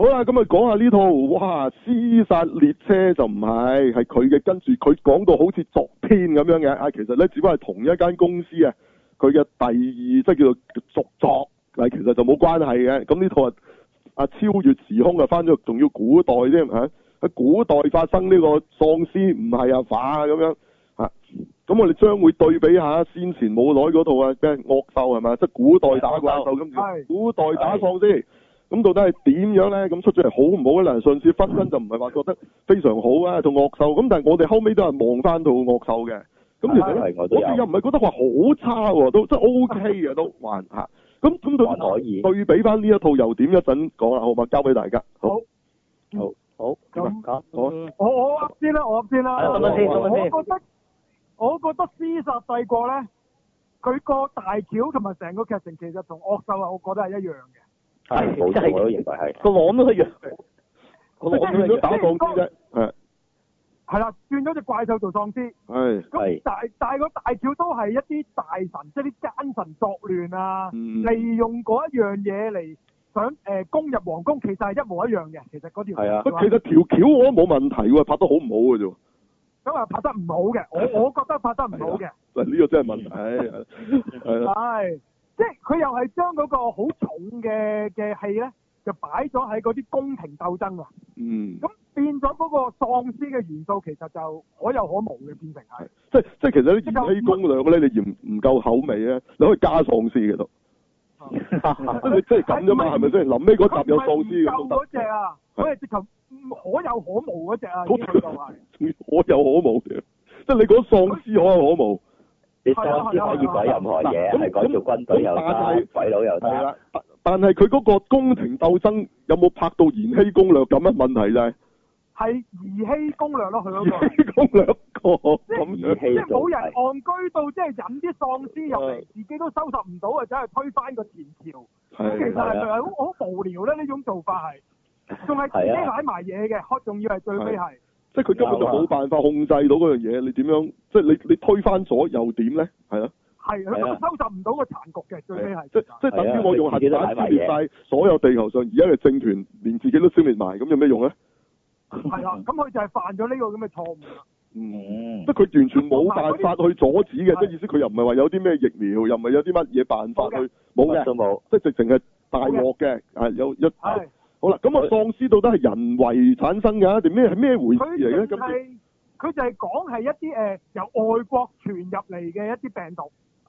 好啦，咁啊講下呢套，哇！《屍殺列車就》就唔係，係佢嘅。跟住佢講到好似昨天咁樣嘅，啊，其實咧只不過係同一間公司啊，佢嘅第二即係叫做續作，啊，其實就冇關係嘅。咁呢套啊，超越時空啊，翻咗仲要古代添吓，喺，啊、古代發生呢個喪屍，唔係啊化咁樣吓。咁，啊、我哋將會對比一下先前冇耐嗰套啊，咩惡獸係咪？即係古代打怪獸咁樣，古代打喪屍。哎哎咁到底係點樣咧？咁出咗嚟好唔好咧？梁信，說忽身就唔係話覺得非常好啊，同惡獸咁，但係我哋後尾都係望翻套惡獸嘅咁，其實我哋又唔係覺得話好差喎、啊，都即係 O K 嘅都還吓。咁咁對對比翻呢一套又點？一陣講啦，好嘛？交俾大家。好，好好好、嗯、好、嗯先嗯、好我我先啦，我先啦。等一我覺得、嗯嗯、我覺得屍殺帝國咧，佢個大橋同埋成個劇情，其實同惡獸啊，我覺得係一樣嘅。係、哎，我都認為係個網都一樣，佢變咗打喪屍，啫。係啦，轉咗隻怪獸做喪屍，係咁、那個、大，但係個大橋都係一啲大神，即係啲奸臣作亂啊、嗯，利用嗰一樣嘢嚟想誒、呃、攻入皇宮，其實係一模一樣嘅。其實嗰啲係啊，不，其實條橋我都冇問題，拍得好唔好嘅啫。咁啊，拍得唔好嘅，我我覺得拍得唔好嘅。嗱、啊，呢、呢個真係問題係。即係佢又係將嗰個好重嘅嘅戲咧，就擺咗喺嗰啲宮廷鬥爭啊。嗯。咁變咗嗰個喪屍嘅元素，其實就可有可無嘅，變成係。即係即係，其實啲賢妻公良咧，你嫌唔夠口味咧，你可以加喪屍嘅度哈哈即係即係咁啫嘛，係咪先？臨尾嗰集有喪屍嘅都得。嗰隻啊，我係直頭可有可無嗰隻啊。好 可有可無嘅， 即係你講喪屍可有可無。你喪屍可以改任何嘢，係改做軍隊又得，鬼佬又得。係啦，但係佢嗰個宮廷鬥爭有冇拍到《延禧攻略》咁嘅問題咧？係延禧攻略咯，佢嗰個。攻略個咁兒戲。即係冇人戇居到，即係引啲喪屍入嚟，自己都收拾唔到啊！走去推翻個前朝，其實係佢係好好無聊咧。呢種做法係仲係自己買埋嘢嘅，仲要係最弊係。即係佢根本就冇辦法控制到嗰樣嘢，你點樣？即係你你推翻咗又點咧？係啊。係佢根本收集唔到個殘局嘅，最尾係。即係即係等於我用核彈摧滅曬所有地球上，而家嘅政權連自己都消滅埋，咁有咩用咧？係啦、啊，咁 佢就係犯咗呢個咁嘅錯誤。嗯。即係佢完全冇辦法去阻止嘅，即係意思佢又唔係話有啲咩疫苗，又唔係有啲乜嘢辦法去冇嘅。冇即係直情係大鑊嘅，係有一。好啦，咁啊，喪屍到底係人為產生噶定咩係咩回事嚟嘅？佢就係佢就係講係一啲誒、呃、由外國傳入嚟嘅一啲病毒，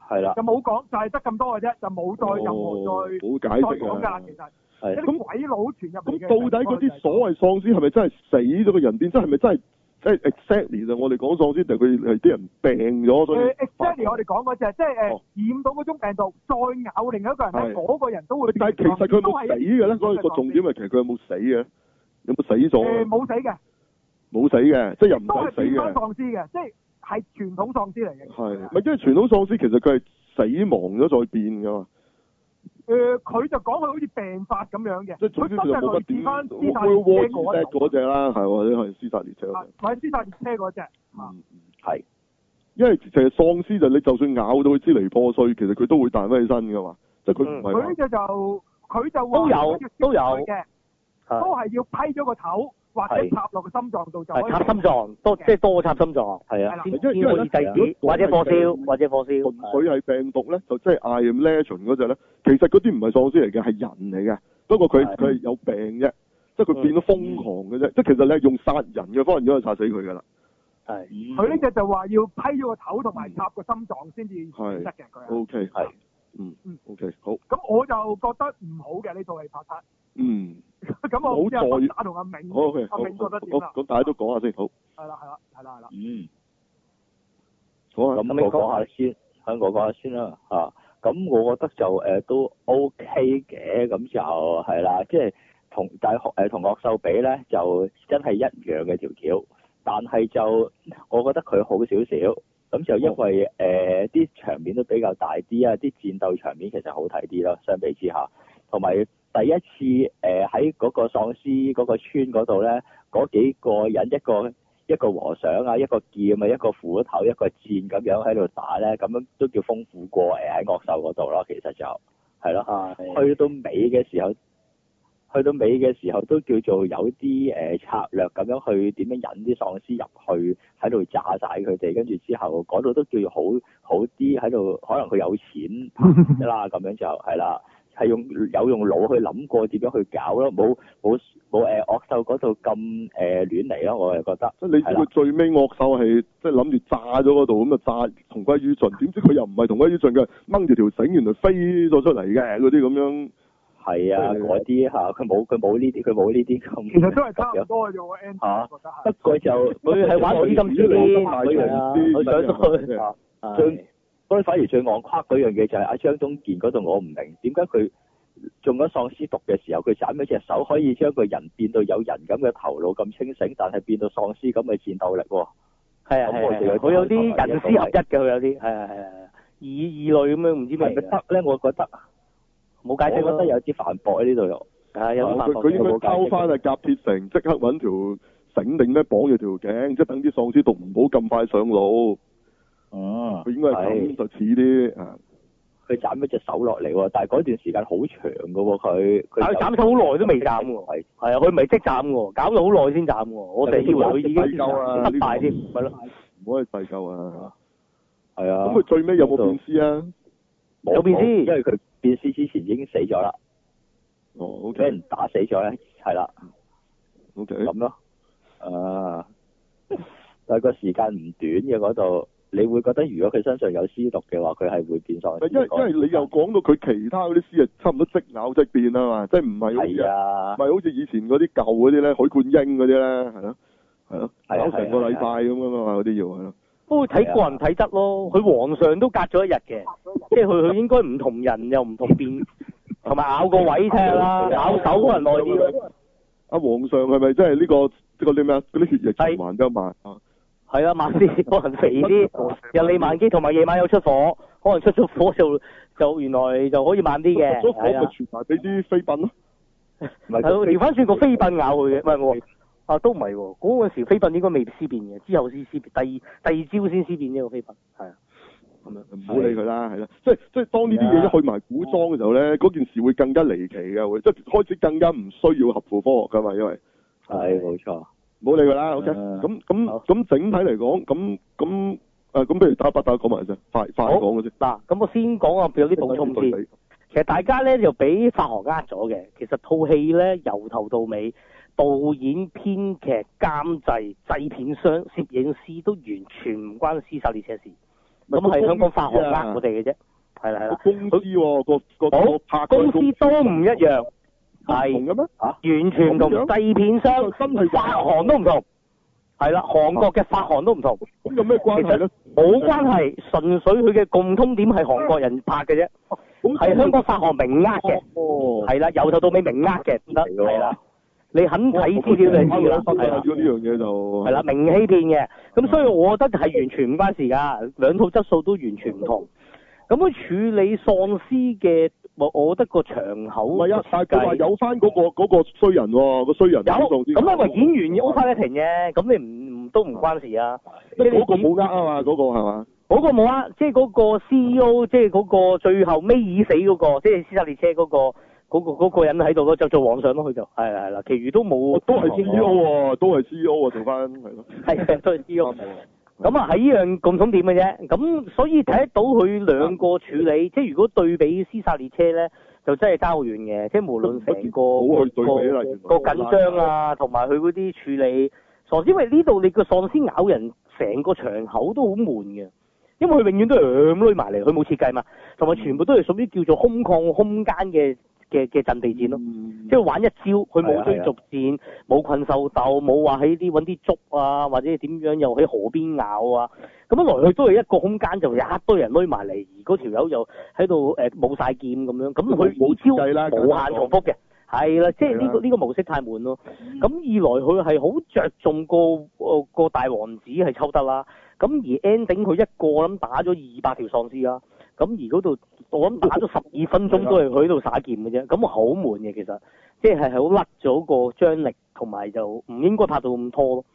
係啦，就冇講，就係得咁多嘅啫，就冇再任何再冇解釋、啊、再講噶，其實係。咁鬼佬傳入嚟，到底嗰啲所謂喪屍係咪真係死咗個人變？是是真係咪真係？即係 exactly 就我哋講喪屍就佢係啲人病咗所以。Uh, exactly 我哋講嗰隻即係誒、oh. 染到嗰種病毒再咬另外一個人係嗰、嗰個人都會病。但係其實佢冇死嘅咧？所以、個重點係其實佢有冇死嘅？有冇死咗？冇、uh, 死嘅，冇死嘅，即係又唔使死㗎。喪屍嘅，即係係傳統喪屍嚟嘅。係咪即係傳統喪屍其實佢係死亡咗再變噶嘛？誒、呃，佢就講佢好似病發咁樣嘅，佢即係冇乜返我佢屍殺列車嗰隻啦，係我呢係屍殺列車，係屍殺列車嗰隻，係、嗯，因為其實喪屍就你就算咬到佢支離破碎，其實佢都會彈翻起身噶嘛，就佢唔係佢呢隻就佢就都有都有嘅，都係要批咗個頭。或者插落個心臟度，就係插心臟多即係多插心臟係啊，先可以制止，或者火燒或者火燒。佢粹係病毒咧，就即係 I Am Legend 嗰隻咧，其實嗰啲唔係喪屍嚟嘅，係人嚟嘅。不過佢佢係有病啫，即係佢變咗瘋狂嘅啫、嗯。即係其實你係用殺人嘅方法去殺死佢噶啦。係佢呢隻就話要批咗個頭同埋插個心臟先至係得嘅。佢 OK 係嗯 okay, 嗯 OK 好。咁我就覺得唔好嘅呢套戲拍出嗯。咁 我好在打同阿明，oh, okay. 阿明做得掂咁大家都講下先，好。係啦，係啦，係啦，係啦。嗯。好，咁你講下先，香、嗯、港、嗯、講下先啦咁、嗯嗯我，我，啊、我覺得就、呃、都 OK 嘅，咁就係啦，即係同大係、呃、同學秀比咧就真係一樣嘅條橋，但係就我覺得佢好少少，咁就因為啲、哦呃、場面都比較大啲啊，啲戰鬥場面其實好睇啲啦，相比之下，同埋。第一次誒喺嗰個喪屍嗰個村嗰度咧，嗰幾個人一個一個和尚啊，一個劍啊，一個斧頭，一個箭咁樣喺度打咧，咁樣都叫豐富過呃、喺惡獸嗰度咯。其實就係咯，去到尾嘅時候，去到尾嘅時候都叫做有啲、呃、策略咁樣去點樣引啲喪屍入去喺度炸晒佢哋，跟住之後嗰度都叫做好好啲喺度，可能佢有錢 啦，咁樣就係啦。係用有用腦去諗過點樣去搞咯，冇冇冇誒惡獸嗰度咁誒亂嚟咯，我就覺得。即係你知唔知最尾惡獸係即係諗住炸咗嗰度咁就炸同歸於盡，點知佢又唔係同歸於盡嘅，掹住條繩原來飛咗出嚟嘅嗰啲咁樣。係啊，嗰啲吓，佢冇佢冇呢啲，佢冇呢啲咁。其實都係差唔多嘅， 我啊啊啊，就 n 不過就佢係玩咁金輸我所以反而最戇誇嗰樣嘢就係、是、阿張中健嗰度，我唔明點解佢中咗喪屍毒嘅時候，佢斬咗隻手可以將個人變到有人咁嘅頭腦咁清醒，但係變到喪屍咁嘅戰鬥力喎。係啊係啊，佢、啊啊啊、有啲人思合一嘅佢有啲係啊係啊，啊異異類咁樣，唔知係咪得咧？我覺得冇解，啊、解釋，覺得有啲繁駁喺呢度又有佢應該交翻去夾鐵城即刻揾條繩定咧，綁住條頸，即等啲喪屍毒唔好咁快上腦。哦、啊，佢應該係砍實似啲佢斬咗隻手落嚟，但係嗰段時間好長噶喎，佢佢斬斬手好耐都未斬喎，係係啊，佢未即斬喎，搞到好耐先斬喎。我哋以為佢已經廢夠啦，失敗添，咯、這個，唔可以廢夠啊，係啊。咁佢最尾有冇變屍啊？冇變屍，因為佢變屍之前已經死咗啦。哦，OK，俾人打死咗咧，係啦，OK，咁咯，啊，但 係個時間唔短嘅嗰度。你會覺得如果佢身上有屍毒嘅話，佢係會變喪屍，因為因為你又講到佢其他嗰啲屍係差唔多即咬即變，就是，啊嘛，即唔係，係啊，唔係好似以前嗰啲舊嗰啲咧，許冠英嗰啲咧，係咯，係咯，咬成個禮拜咁啊嘛，嗰啲，啊啊，要係咯。不，啊，過睇個人睇得咯，佢皇上都隔咗一日嘅，即係佢佢應該唔同人又唔同變，同 埋咬個位聽啦，咬手可能耐啲。啊，皇上係咪即係呢個呢個啲咩啊？啲血液循環得慢啊？係啊，慢啲可能肥啲。又李萬機同埋夜晚有出火，可能出咗火就就原來就可以慢啲嘅。出火咪全埋俾啲飛奔咯、啊。係咯，調翻轉個飛奔咬佢嘅，唔係我啊都唔係喎。嗰陣時飛奔應該未屍變嘅，之後先屍變。第二第二朝先屍變呢個飛奔。係啊。咁樣唔好理佢啦，係啦、啊。即係即係當呢啲嘢一去埋古裝嘅時候咧，嗰、啊、件事會更加離奇嘅會，即、就、係、是、開始更加唔需要合乎科學噶嘛，因為係冇錯。唔好理佢啦、OK，好啦。咁咁咁整體嚟講，咁咁啊咁，不如打不打講埋先，快快講嘅先。嗱，咁我先講啊，有啲補充先。其實大家咧就俾發行呃咗嘅。其實套戲咧由頭到尾，導演、編劇、監製、製片商、攝影師都完全唔關屍殺列車事。咁係香港發行呃我哋嘅啫。係係啦。公司個個拍公司都唔一樣。係，完全同製片商、身係發行都唔同，係啦，韓國嘅發行都唔同。咁有咩關係咧？冇關係，純粹佢嘅共通點係韓國人拍嘅啫，係香港發行名額嘅，係啦，由頭到尾名額嘅，唔得，係啦。你肯睇資料你知啦。睇下咗呢樣嘢就係啦，明欺騙嘅，咁所以我覺得係完全唔關事㗎，兩套質素都完全唔同。咁佢處理喪屍嘅，我我覺得個場口、那個世界，佢、那、話、個那個、有翻嗰個嗰衰人喎，個衰人做有咁因為演員而 open 咁你唔唔都唔關事啊。即係嗰個冇呃啊嘛，嗰個係嘛？嗰個冇呃，即係嗰、那個啊那個那個、個 CEO，、嗯、即係嗰個最後尾已死嗰、那個，嗯、即係屍殺列車嗰、那個嗰、那個嗰、那個、人喺度咯，就做皇上咯，佢就係係啦，其餘都冇。都係 CEO，都係 CEO 做翻咯。都係 CEO、啊。嗯做 咁啊，喺依樣共通點嘅啫。咁所以睇得到佢兩個處理，即係如果對比《屍殺列車》呢，就真係差好遠嘅。即係無論睇個去對比個個緊張啊，同埋佢嗰啲處理喪屍，因為呢度你個喪屍咬人，成個場口都好悶嘅。因為佢永遠都係咁攏埋嚟，佢冇設計嘛，同埋全部都係屬於叫做空曠空間嘅。嘅嘅陣地戰咯、嗯，即係玩一招，佢冇追逐戰，冇困獸鬥，冇話喺啲搵啲竹啊，或者點樣又喺河邊咬啊，咁一來去都係一個空間就有一堆人匿埋嚟，而嗰條友又喺度冇晒劍咁樣，咁佢冇招冇限重複嘅，係啦，即係呢個呢、這個模式太悶咯。咁、嗯、二來佢係好着重個個、呃、大王子係抽得啦，咁而 ending 佢一個咁打咗二百條喪屍啦。咁而嗰度我打咗十二分鐘都係喺度耍劍嘅啫，咁我好悶嘅其實，即係係好甩咗個張力同埋就唔應該拍到咁拖咯。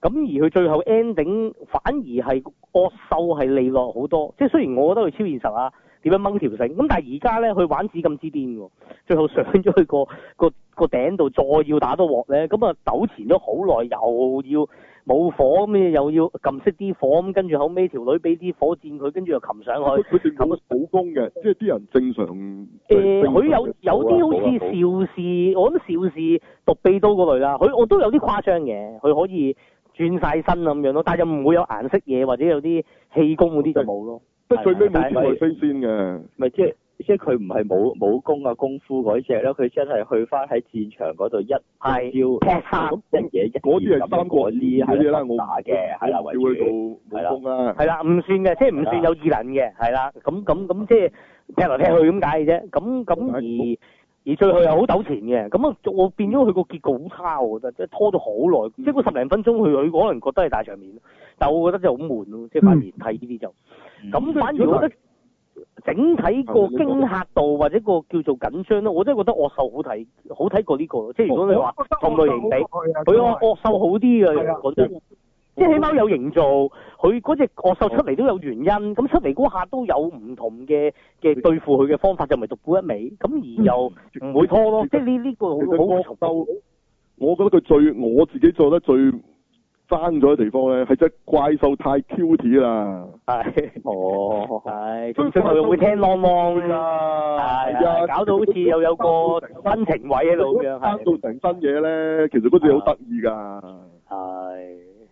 咁而佢最後 ending 反而係惡秀係利落好多，即係雖然我覺得佢超現實啊，點樣掹條繩咁，但係而家咧佢玩至咁之癲喎，最後上咗去、個個個頂度再要打多鑊咧，咁啊糾纏咗好耐又要。冇火咩？又要撳熄啲火咁，跟住後尾條女俾啲火箭佢，跟住又擒上去。佢咁有武功嘅、嗯，即係啲人正常。誒、嗯，佢、呃、有有啲好似邵氏，我諗邵氏獨臂刀嗰類啦。佢我都有啲誇張嘅，佢、嗯、可以轉晒身咁樣咯，但係又唔會有顏色嘢，或者有啲氣功嗰啲就冇咯。即係最尾冇展翅飛仙嘅。咪即係。即係佢唔係冇武功啊，功夫嗰隻咧，佢真係去翻喺戰場嗰度一招劈下，一嘢一嗰啲係三國呢，係啦，我打嘅，係啦，圍住係啦，唔、啊、算嘅，即係唔算有異能嘅，係啦，咁咁咁即係踢嚟踢去咁解嘅啫，咁咁而而最後又好糾纏嘅，咁啊，我變咗佢個結局好差，我覺得即係拖咗好耐，即係嗰十零分鐘佢佢可能覺得係大場面，但係我覺得就好悶咯，即係反而睇呢啲就，咁、嗯嗯、反而我覺得。整體個驚嚇度或者個叫做緊張咯，我真係覺得惡獸好睇，好睇過呢個。即係如果你話同類型比，佢話惡獸好啲嘅，覺得即係起碼有營造，佢嗰隻惡獸出嚟都有原因，咁出嚟嗰下都有唔同嘅嘅對付佢嘅方法，就咪獨沽一味。咁而又唔會拖咯，即係呢呢個好。我覺得佢最我自己做得最。爭咗嘅地方咧，係隻怪獸太 cute 啦。係哦，係。咁正豪又會聽 long long 噶搞到好似又有個新情位喺度嘅，係。到成新嘢咧，其實嗰隻好得意噶。係、 啊啊啊。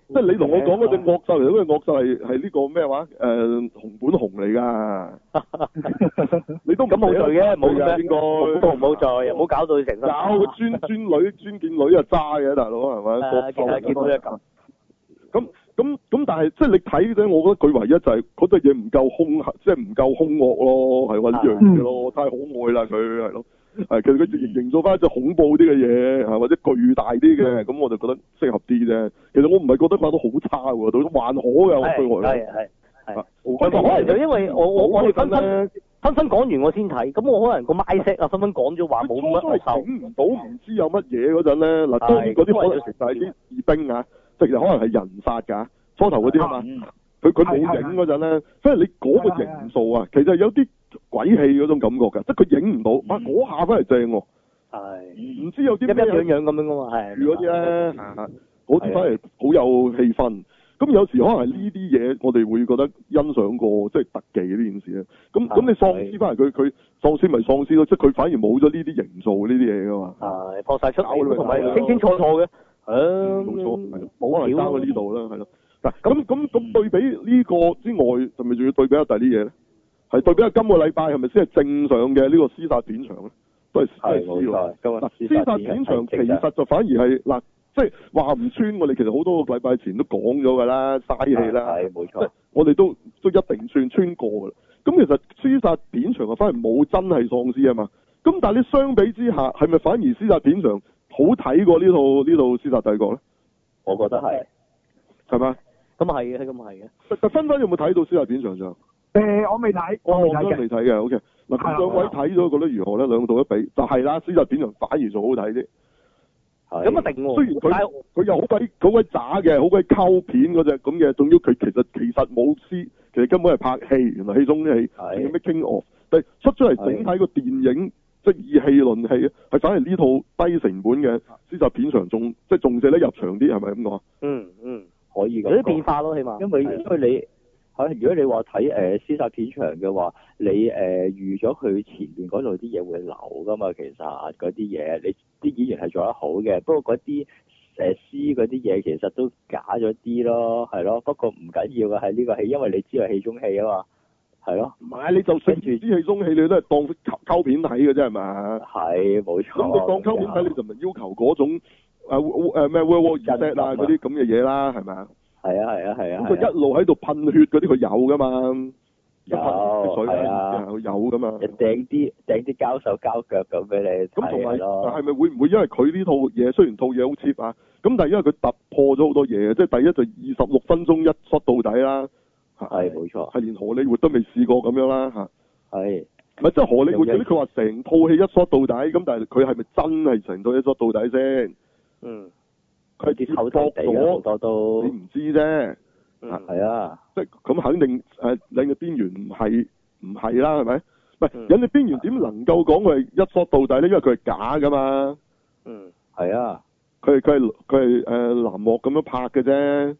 即係你同我講嗰隻惡獸嚟，嗰隻惡獸係係呢個咩話？誒、呃，熊本熊嚟噶。 你都咁好在嘅，冇咩。應該唔好在，罪罪罪罪罪又冇搞到成。搞專專女專見女啊渣嘅大佬係咪？誒，見到隻狗。咁咁，但係即係你睇咧，我覺得佢唯一就係嗰啲嘢唔夠兇，即係唔夠兇惡咯，係嗰樣嘢咯，太可愛啦佢係咯，其實佢營造翻就恐怖啲嘅嘢，或者巨大啲嘅，咁我就覺得適合啲啫。其實我唔係覺得畫到好差喎，都還可嘅。係係係。我可能就因為我我我哋分分分分講完我先睇，咁我可能個 mindset 啊分分講咗話冇乜，影唔到唔知有乜嘢嗰陣咧嗱，當然嗰啲可能其實係啲士兵啊。即係可能係人發㗎，初頭嗰啲啊嘛，佢佢冇影嗰陣咧，即係、啊、你嗰個形數啊，啊，啊，啊，其實有啲鬼氣嗰種感覺㗎，即係佢影唔到，嗯、啊嗰下反嚟正喎，唔、啊、知有啲咩樣樣咁樣㗎嘛，係、啊，如果啲咧，好似反嚟，好、啊、有氣氛，咁、啊、有時可能係呢啲嘢，我哋會覺得欣賞過即係、即係、特技呢件事咧，咁咁、啊、你喪屍反嚟，佢佢、啊啊、喪屍咪喪屍咯，即係佢反而冇咗呢啲形數呢啲嘢㗎嘛，係，放晒、啊、出嚟同埋清清楚楚嘅。咁、嗯、冇錯，冇、嗯嗯、可能加到呢度啦，係、嗯、咯。嗱咁咁咁對比呢個之外，係咪仲要對比下第啲嘢咧？係對比下今個禮拜係咪先係正常嘅呢個屍殺片場咧？都係屍殺冇錯。嗱，屍殺片場其實就反而係嗱，即係話唔穿我哋，其實好多個禮拜前都講咗㗎啦，嘥氣啦。係冇錯。我哋都都一定算穿過㗎。咁其實屍殺片場就反而冇真係喪屍啊嘛。咁但係你相比之下，係咪反而屍殺片場？好睇過呢套呢套《屍殺帝國》咧？我覺得係，係咪？咁係係嘅，咁係係嘅。但分分有冇睇到《屍殺片》場場？誒、嗯，我未睇，我未睇、oh, 我未睇嘅，O K。嗱，兩、okay 嗯、位睇、嗯、咗、嗯，覺得如何咧？兩套一比，就係、是、啦，《屍殺片》場反而仲好睇啲。咁啊，定？雖然佢佢又好鬼好鬼渣嘅，好鬼溝片只咁嘅，仲要佢其實其實冇師，其實根本係拍戲，原來戲中啲戲，有咩傾哦？但出出嚟整體個電影。即以戲論戲，係反而呢套低成本嘅屍殺片場，仲即仲寫得入場啲，係咪咁講？嗯嗯，可以嘅，有啲變化咯，起碼因為因為你係，如果你話睇誒屍殺片場嘅話，你誒、呃、預咗佢前面嗰度啲嘢會流噶嘛，其實嗰啲嘢，你啲演員係做得好嘅，不過嗰啲誒屍嗰啲嘢其實都假咗啲咯，係咯，不過唔緊要嘅喺呢個戲，因為你知道戲中戲啊嘛。係咯、啊，唔係你就食住啲戲中戲，你都係當溝片睇嘅啫，係嘛？係冇錯。咁你當溝片睇，你就唔、嗯啊、要求嗰種誒誒咩 World War Z 啊嗰啲咁嘅嘢啦，係咪啊？係啊係啊係啊。咁、啊、佢、啊啊啊啊啊、一路喺度噴血嗰啲，佢有噶嘛？有。有啊，有咁啊。就掟啲掟啲膠手膠腳咁俾你、嗯，咁同埋係咪會唔會因為佢呢套嘢雖然套嘢好 cheap 啊？咁但係因為佢突破咗好多嘢，即係第一就二十六分鐘一 shot 到底啦。係冇錯，係連荷里活都未試過咁樣啦吓。係，唔係即係荷里活佢話成套戲一縮到底，咁但係佢係咪真係成套一縮到底先？嗯，佢係脫到，你唔知啫、嗯。啊，係啊，即係咁肯定誒，引嘅邊緣唔係唔係啦，係咪？唔係引嘅邊緣點能夠講佢係一縮到底咧？因為佢係假噶嘛。嗯，係、嗯、啊，佢係佢係佢係誒，藍幕咁樣拍嘅啫。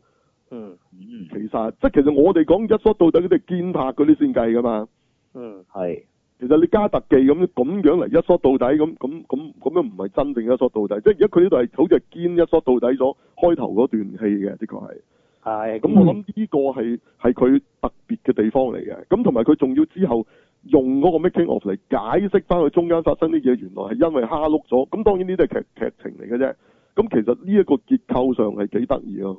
嗯，嗯，其實即係其實我哋講一鏡到底嗰啲堅拍嗰啲先計噶嘛。嗯，係。其實你加特技咁咁樣嚟，一鏡到底咁咁咁咁樣唔係真正一鏡到底，即係而家佢呢度係好似係堅一鏡到底咗開頭嗰段戲嘅，嗯、的確係。係，咁我諗呢個係係佢特別嘅地方嚟嘅。咁同埋佢仲要之後用嗰個 making of 嚟解釋翻佢中間發生啲嘢，原來係因為蝦碌咗。咁當然呢啲係劇劇情嚟嘅啫。咁其實呢一個結構上係幾得意囉。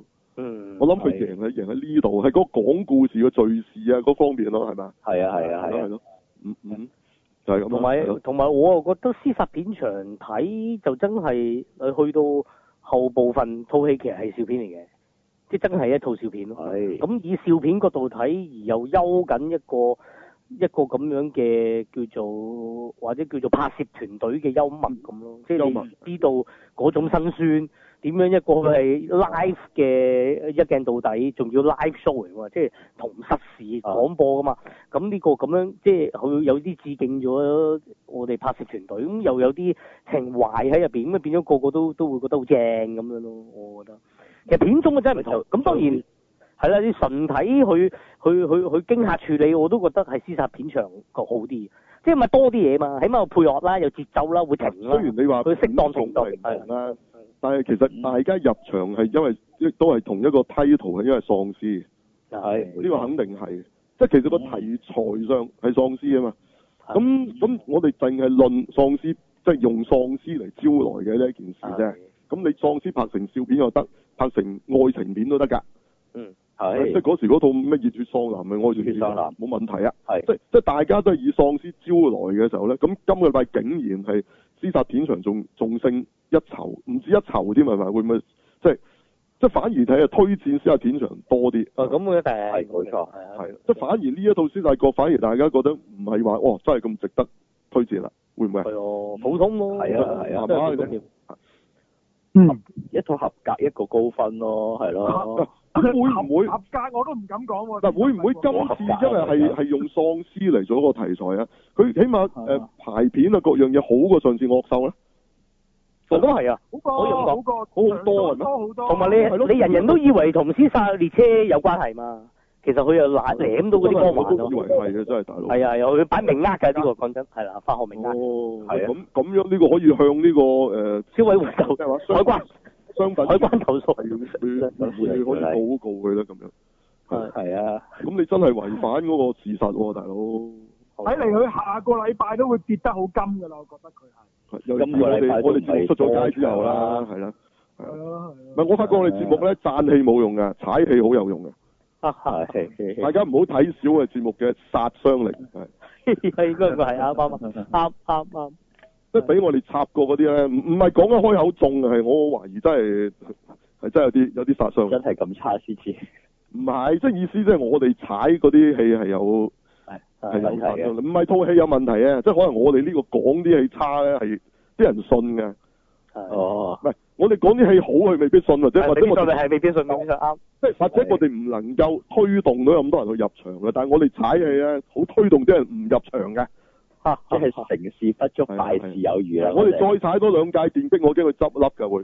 我諗佢贏喺贏喺呢度，係嗰、啊、個講故事嘅敘事啊，嗰方面咯，係嘛、啊？係啊係啊係咯係咯，嗯嗯，就係咁同埋同埋，還有啊、還有我又覺得司法片長睇就真係，去到後部分套戲其實係笑片嚟嘅，即係真係一套笑片。係、啊。咁以笑片角度睇，而又幽緊一個一個咁樣嘅叫做或者叫做拍攝團隊嘅幽默咁咯，即係、就是、你知道嗰種辛酸。點樣一個係 live 嘅一鏡到底，仲要 live show 嚟喎，即係同實時廣播噶嘛。咁呢個咁樣即係佢有啲致敬咗我哋拍攝團隊，咁又有啲情懷喺入面，咁變變咗個個都都會覺得好正咁樣咯。我覺得其實片種嘅真係唔同。咁當然係啦，啲純睇佢佢佢佢驚嚇處理，我都覺得係屍殺片場個好啲即係咪多啲嘢嘛？起碼有配樂啦，又有節奏啦，會停啦。雖然你話佢適當程度係啦。但係其實大家入場係因為都係同一個 title，係因為喪屍，係呢、這個肯定係，即係其實個題材上係喪屍啊嘛。咁咁我哋淨係論喪屍，即、就、係、是、用喪屍嚟招來嘅呢一件事啫。咁你喪屍拍成笑片又得，拍成愛情片都得噶。嗯，係。即係嗰時嗰套咩《熱血喪男》咪，就是《愛情片喪男》冇問題啊。係。即是即係大家都係以喪屍招來嘅時候咧，咁今個禮拜竟然係。《屍殺片場》仲仲仲勝一籌，唔止一籌添，係咪？會唔會即係即係反而睇下推薦《屍殺片場》多啲？啊，咁會一定係冇錯，係啊，係即係反而呢一套《屍殺國》反而大家覺得唔係話哦，真係咁值得推薦啦，會唔會啊？係哦，普通咯，係啊係啊，都係咁樣。嗯，一套合格一個高分咯，係咯、啊。啊會唔會合，合格？我都唔敢講喎。會唔會今次因為係係用喪屍嚟做一個題材啊？佢起碼誒排片啊，各樣嘢好過上次惡獸咧。我、啊、都係啊，好過，過好過好好多同埋你你，你人人都以為同屍殺列車有關係嘛？其實佢又舐到嗰啲、啊、光環，我都以為係嘅，真係大佬。係啊，又佢擺明呃㗎。呢、啊、個，講真係啦，發學名呃。哦，咁咁樣呢個可以向呢個誒消委會就海關。商品。海投訴，你你可以報告佢啦。咁樣。係啊。咁你真係違反嗰個事實喎、啊，大佬。睇嚟佢下，個，下個，個禮拜都會跌得好金㗎啦，我覺得佢係。有因我哋我出咗街之後啦，係啦、啊。係唔係我發覺我哋節目咧，讚氣冇用㗎，踩氣好有用㗎。 大家唔好睇小我哋節目嘅殺傷力。係 應該係啱啱啱。即係俾我哋插過嗰啲咧，唔唔係講緊開口中，係我懷疑真係係真有啲有啲殺傷。真係咁差先至？唔係，即係意思即係我哋踩嗰啲戲係有係係有殺傷，唔係套戲有問題啊！即係可能我哋呢個講啲戲差咧，係啲人信嘅。哦，唔係我哋講啲戲好，佢未必信，或者或者我哋係未必信。咁啱，即係或者我哋唔能夠推動到咁多人去入場嘅，但係我哋踩戲呢，好推動啲人唔入場嘅。即係成事不足，敗事有餘啊,啊,啊！我哋再踩多兩屆電逼，我驚佢執笠㗎會。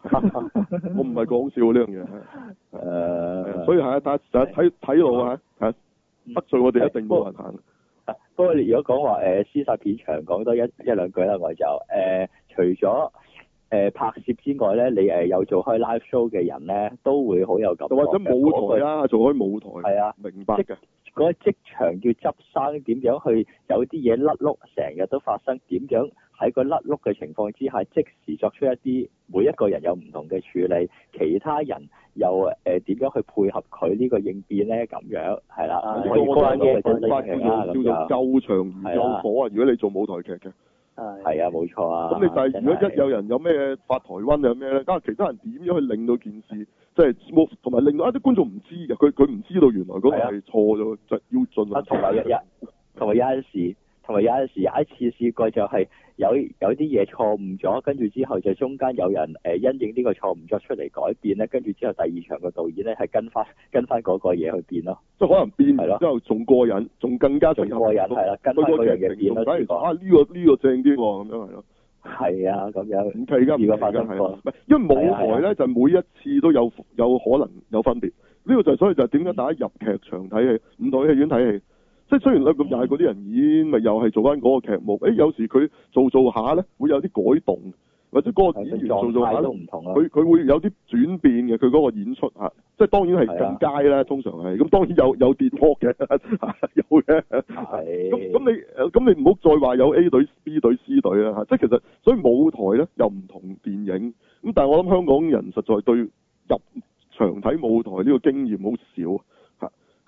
我唔係講笑呢樣嘢。誒，所以係啊，睇睇、啊啊啊啊啊、路啊,啊，北上我哋一定冇人行、啊。不過，你、啊啊、如果講話誒屍殺片場，講多一一兩句啦，我就誒、呃、除咗誒、呃、拍攝之外咧，你誒有做開 live show 嘅人咧，都會好有感覺。或者舞台啦、啊，做開舞台，啊、明白㗎。嗰、那個職場叫執生，點樣去有啲嘢甩碌，成日都發生，點樣喺個甩碌嘅情況之下，即時作出一啲每一個人有唔同嘅處理，其他人又誒點、呃、樣去配合佢呢個應變咧？咁樣係啦，我、哎、可以講嘅發叫叫做救場如救火啊！如果你做舞台劇嘅，係啊冇錯啊。咁你但、就、二、是，如果一有人有咩發台灣有咩咧，咁其他人點樣去令到件事？即係同埋另外一啲觀眾唔知嘅，佢佢唔知道原來嗰個係錯咗、啊，就係、是、要盡力。同埋有，同埋有陣時，同埋有有一次試過就係有有啲嘢錯誤咗，跟住之後就中間有人誒、呃、因應呢個錯誤作出嚟改變咧，跟住之後第二場嘅導演咧係跟翻跟翻嗰個嘢去變咯。即係可能變咗、啊、之後仲過癮，仲更，更加仲過癮，係啦，跟翻個嘢變啦，啊呢、呢個呢正啲喎咁樣係咯。這個係啊，咁樣，唔契而家，唔契而家係啊，唔係、啊啊、因為舞台咧、啊、就每一次都有有可能有分別，呢個就所以就點解大家入劇場睇戲，唔、嗯、同戲院睇戲，即係雖然係咁大嗰啲人演，咪、嗯、又係做翻嗰個劇目，誒、欸、有時佢做做下咧會有啲改動。或者嗰個演員數數下啦，佢佢、啊、會有啲轉變嘅，佢嗰個演出嚇、啊，即係當然係更佳啦，啊、通常係，咁當然有有電幕嘅，有嘅，咁、啊、咁、啊啊、你誒，咁你唔好再話有 A 隊、B 隊、C 隊啦嚇、啊，即係其實所以舞台咧又唔同電影，咁但係我諗香港人實在對入場睇舞台呢個經驗好少。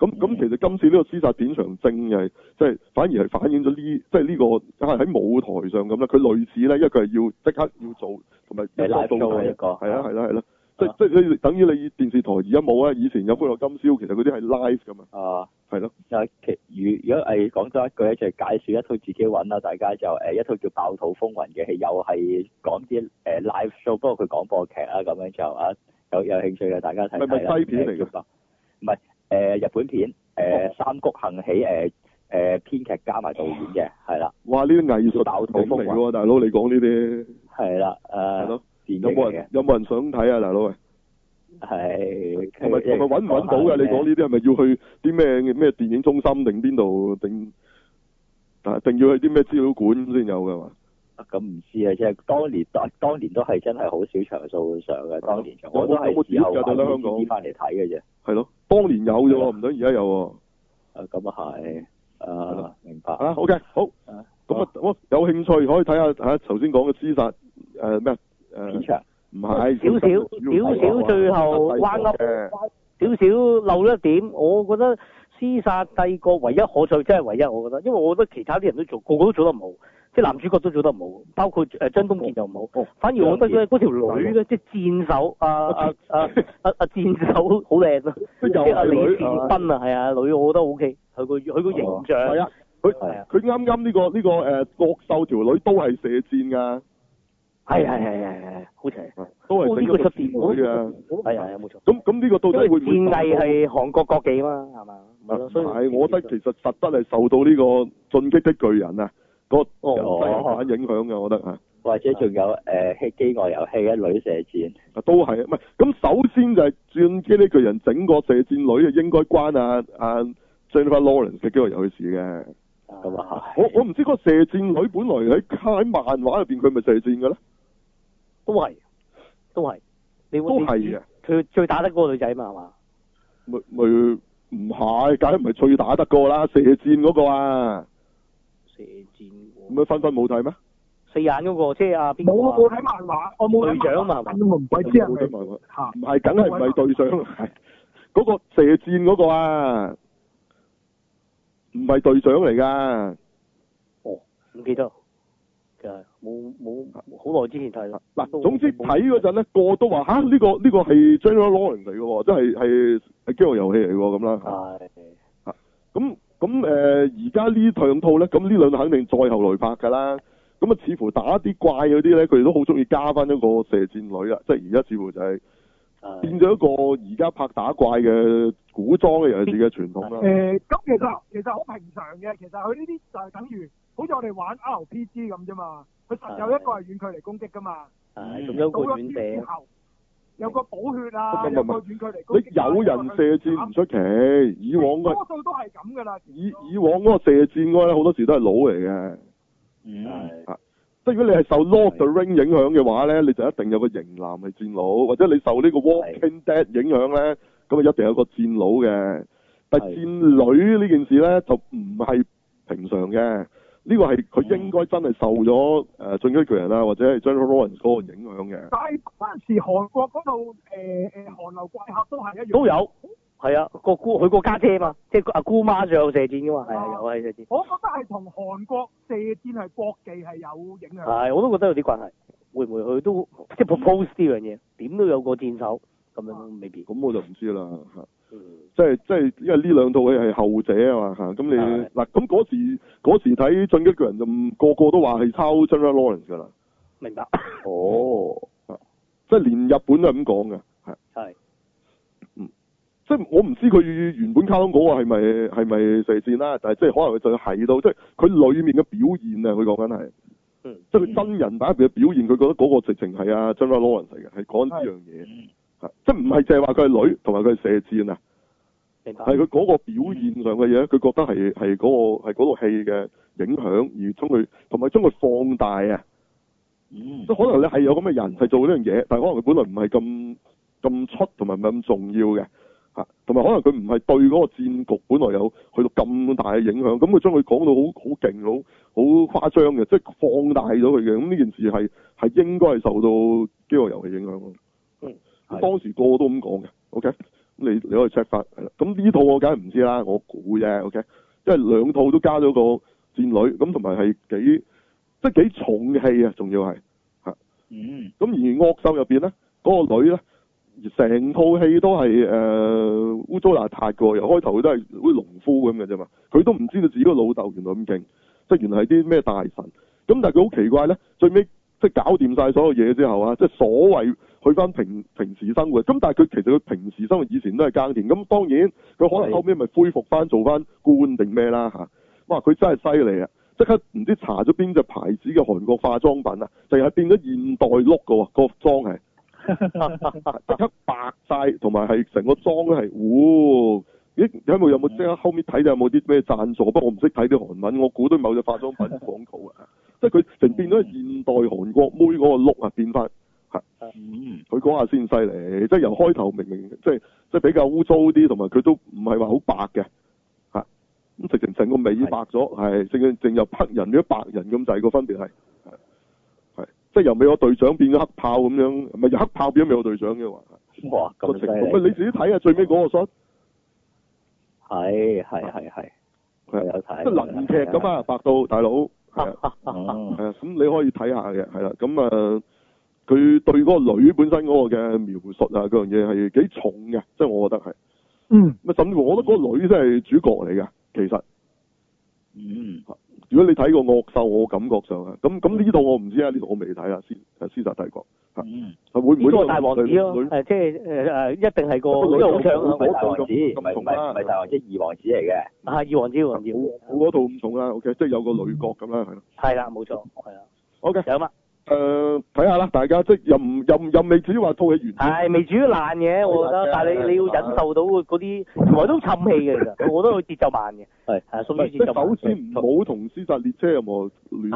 咁、嗯、咁、嗯，其實今次呢個屍殺片場正又係，即、就、係、是、反而係反映咗呢，即係呢個喺舞台上咁咧，佢類似咧，因為佢係要即刻要做，同埋要收眾人一個。係啦、這個，係啦，係、啊、啦，即係即係，啊、等於你電視台而家冇啊，以前有歡樂今宵，其實嗰啲係 live 咁啊，係咯。啊，啊其如如果係講咗一句咧，就係介紹一套自己揾啦，大家就誒、呃、一套叫《爆肚風雲》嘅戲，又係講啲誒 live show，不過佢廣播劇啊咁樣就啊，有有興趣嘅大家睇。咪咪西片嚟嘅唔係？YouTube, 誒、呃，日本片誒、呃，哦《三谷幸喜、誒誒編劇加埋導演嘅，係啦。哇，呢啲藝術大佬你講呢啲。係啦，誒，有冇人有冇人想睇啊，大佬？係。同埋揾唔揾到㗎？你講呢啲係咪要去啲咩咩電影中心定邊度定？定要去啲咩資料館先有㗎嘛？咁唔知啊，即係當、啊、當，當年，當年都係真係好少場數上嘅。當年我都係時候去啲資料翻嚟睇嘅啫。係咯，當年有咋，唔到而家有。啊，咁啊係，啊，明白啊。OK，好。咁啊，我、啊、有興趣可以睇下吓，頭先講嘅屍殺誒，咩啊誒，唔係少少少少，少少少最後彎笠少少漏咗一點、啊。我覺得屍殺帝國唯一可取，真係唯一，我覺得，因為我覺得其他啲人都做，個個都做得唔好。即係男主角都做得唔好，包括誒張東健就唔好、哦哦，反而我覺得嗰嗰條女嘅即係箭手，啊啊阿箭手好靚啊！即係又係女啊，係 啊，啊，啊，啊，女我覺得 O K，佢個佢個形象係、哦、啊，佢佢啱啱呢個呢、這個誒、呃、國秀條女都係射箭噶，係係係係係，好似都係射箭女啊，係啊冇錯。咁咁呢個到底會？箭藝係韓國國技啊嘛，係嘛、啊？所以，我覺得其實實質係受到呢個進擊的巨人啊。那個唔影響嘅，我覺得啊。或者仲有誒，係、啊、飢、啊、餓遊戲嘅女射箭。啊，都係，唔係咁。首先就係《轉機呢個人》整個射箭女係應該關啊啊 Jennifer Lawrence 嘅飢餓遊戲事嘅。咁啊，我啊我唔知嗰個射箭女本來喺漫畫入邊，佢咪射箭噶咧？都係，都係，你都係啊！佢最打得嗰個女仔嘛，係、啊、嘛？咪咪唔係，梗係唔係最打得過啦？射箭嗰個啊！射箭、那個，唔係分分冇睇咩？四眼嗰、那個即係阿冇啊！啊我冇睇漫畫，我冇隊長，我看長我看我看我看啊！分都冇，唔鬼知啊！冇睇漫畫，唔係，梗係唔係隊長，嗰個射箭嗰個啊，唔係隊長嚟噶。哦，唔記得，其實冇冇好耐之前睇啦。嗱、啊，總之睇嗰陣咧，個都話吓呢個呢、這個係《Jungle Lion》嚟噶，即係係係《飢餓遊戲》嚟咁啦。係、啊，吓、啊、咁。啊啊啊咁誒，而家呢兩套咧，咁呢兩套肯定再後來拍噶啦。咁啊，似乎打啲怪嗰啲咧，佢哋都好中意加翻一個射箭女啦。即係而家似乎就係變咗一個而家拍打怪嘅古裝嘅遊戲自己嘅傳統啦。誒、嗯，咁、嗯呃、其實其實好平常嘅，其實佢呢啲就係等於好，好似我哋玩 RPG 咁啫嘛。佢實有一個係遠距離攻擊噶嘛。咁到咗之後。有個補血啊、嗯、個啊，你有人射箭唔出奇。以往嘅，那個，多數都係咁噶啦，以以往嗰個射箭嘅話咧，好多時都係佬嚟嘅。嗯，即、啊、係、嗯、如果你係受 Lord the Ring 影響嘅話咧，你就一定有一個型男係戰佬，或者你受呢個 Walking Dead 影響咧，咁啊一定有一個戰佬嘅。但係戰女呢件事咧就唔係平常嘅。呢、這個係佢應該真係受咗誒、嗯啊，進擊巨人啊，或者係 General Lawrence 嗰個影響嘅。但係嗰陣時韓國嗰度誒誒韓流怪客都係一樣。都有，係啊，嗰個姑佢個家姐，姐嘛，即係阿姑媽仲有射箭噶嘛，係啊，有啊射箭。我覺得係同韓國射箭係國技係有影響嘅。係、啊，我都覺得有啲關係。會唔會佢都即係 propose 呢樣嘢，點都有個戰手咁樣未必咁我就唔知啦。嗯嗯、即係即係，因為呢兩套戲係後者啊嘛吓，咁你嗱咁嗰時嗰時睇《進擊》巨人就個個都話係抄《真打羅人》噶啦，明白？哦，嗯啊、即係連日本都係咁講嘅，係係，嗯，即係我唔知佢原本卡通嗰個係咪係咪射線啦，但係即係可能佢就係、是、到，即係佢裏面嘅表現啊，佢講緊係，即係佢真人擺入邊嘅表現，佢、嗯就是嗯、覺得嗰個直情係阿真打羅人嚟嘅，係講呢樣嘢。即係唔係淨係話佢係女，同埋佢係射箭啊？明係佢嗰個表現上嘅嘢，佢覺得係係嗰個係嗰套戲嘅影響，而將佢同埋將佢放大啊。即、嗯、可能你係有咁嘅人係做呢樣嘢，但係可能佢本來唔係咁咁出，同埋唔係咁重要嘅嚇。同埋可能佢唔係對嗰個戰局本來有去到咁大嘅影響，咁佢將佢講到好好勁，好好誇張嘅，即係放大咗佢嘅。咁呢件事係係應該係受到《飢餓遊戲》嘅影響咯。嗯當時個個都咁講嘅，OK，咁你你可以 check 翻，咁呢套我梗係唔知啦，我估啫，OK，因為兩套都加咗個戰女，咁同埋係幾即係幾重嘅戲啊，仲要係嚇，嗯，咁而惡獸入面咧，嗰、那個女咧，成套戲都係誒污糟邋遢嘅，又、呃、開頭佢都係好似農夫咁嘅啫嘛，佢都唔知道自己個老豆原來咁勁，即係原來係啲咩大神，咁但係佢好奇怪咧，最尾。即係搞掂晒所有嘢之後啊，即係所謂去翻平平時生活。咁但係佢其實佢平時生活以前都係耕田，咁當然佢可能後尾咪恢復翻做翻官定咩啦吓？哇！佢真係犀利啊！即刻唔知搽咗邊隻牌子嘅韓國化妝品啊，成日變咗現代 look 嘅、那個妝係即 刻白晒，同埋係成個妝都係，喎、哦。咦，有冇有冇即刻後面睇到有冇啲咩贊助？不過我唔識睇啲韓文，我估都係某隻化妝品廣告啊！ 即係佢成變咗現代韓國妹嗰個 look 啊，變翻嚇佢嗰下先犀利，即係由開頭明明即係即係比較污糟啲，同埋佢都唔係話好白嘅嚇，咁直情成個美白咗，係淨係淨黑人變咗白人咁就係個分別，係係即係由美國隊長變咗黑豹咁樣，咪由黑豹變咗美國隊長嘅話哇咁犀利！你自己睇下最尾嗰個 shot。係係係係，係有睇，即係能劇咁啊！白道大佬，係啊，咁、 uh, 你可以睇下嘅，係啦，咁啊，佢、呃、對嗰個女本身嗰個嘅描述啊，嗰樣嘢係幾重嘅，即係我覺得係，嗯，甚至乎我覺得個女真係主角嚟噶，其實，嗯。如果你睇過惡獸，我感覺上、嗯會會這個、啊，咁咁呢度我唔知啊，呢度我未睇啊，先先屍殺帝國，係，會唔會？個大王子，誒、那個，即係誒誒，一定係個。女好長啊，唔係大王子，唔同係大王子，二王子嚟嘅。啊，二王子，二王子。我嗰套唔同啦，OK，即係有個女角咁啦，係、嗯、咯。係啦，冇錯，係啊，OK, okay 有。有嘛？誒、呃，睇下啦，大家即又唔又唔未至於話套嘅原係未至於爛嘅，我覺得。但係你你要忍受到嗰啲，同埋都沉氣嘅。 其實我覺得佢節奏慢嘅，係係屬於節奏慢。即首先唔好同《屍殺列車有有》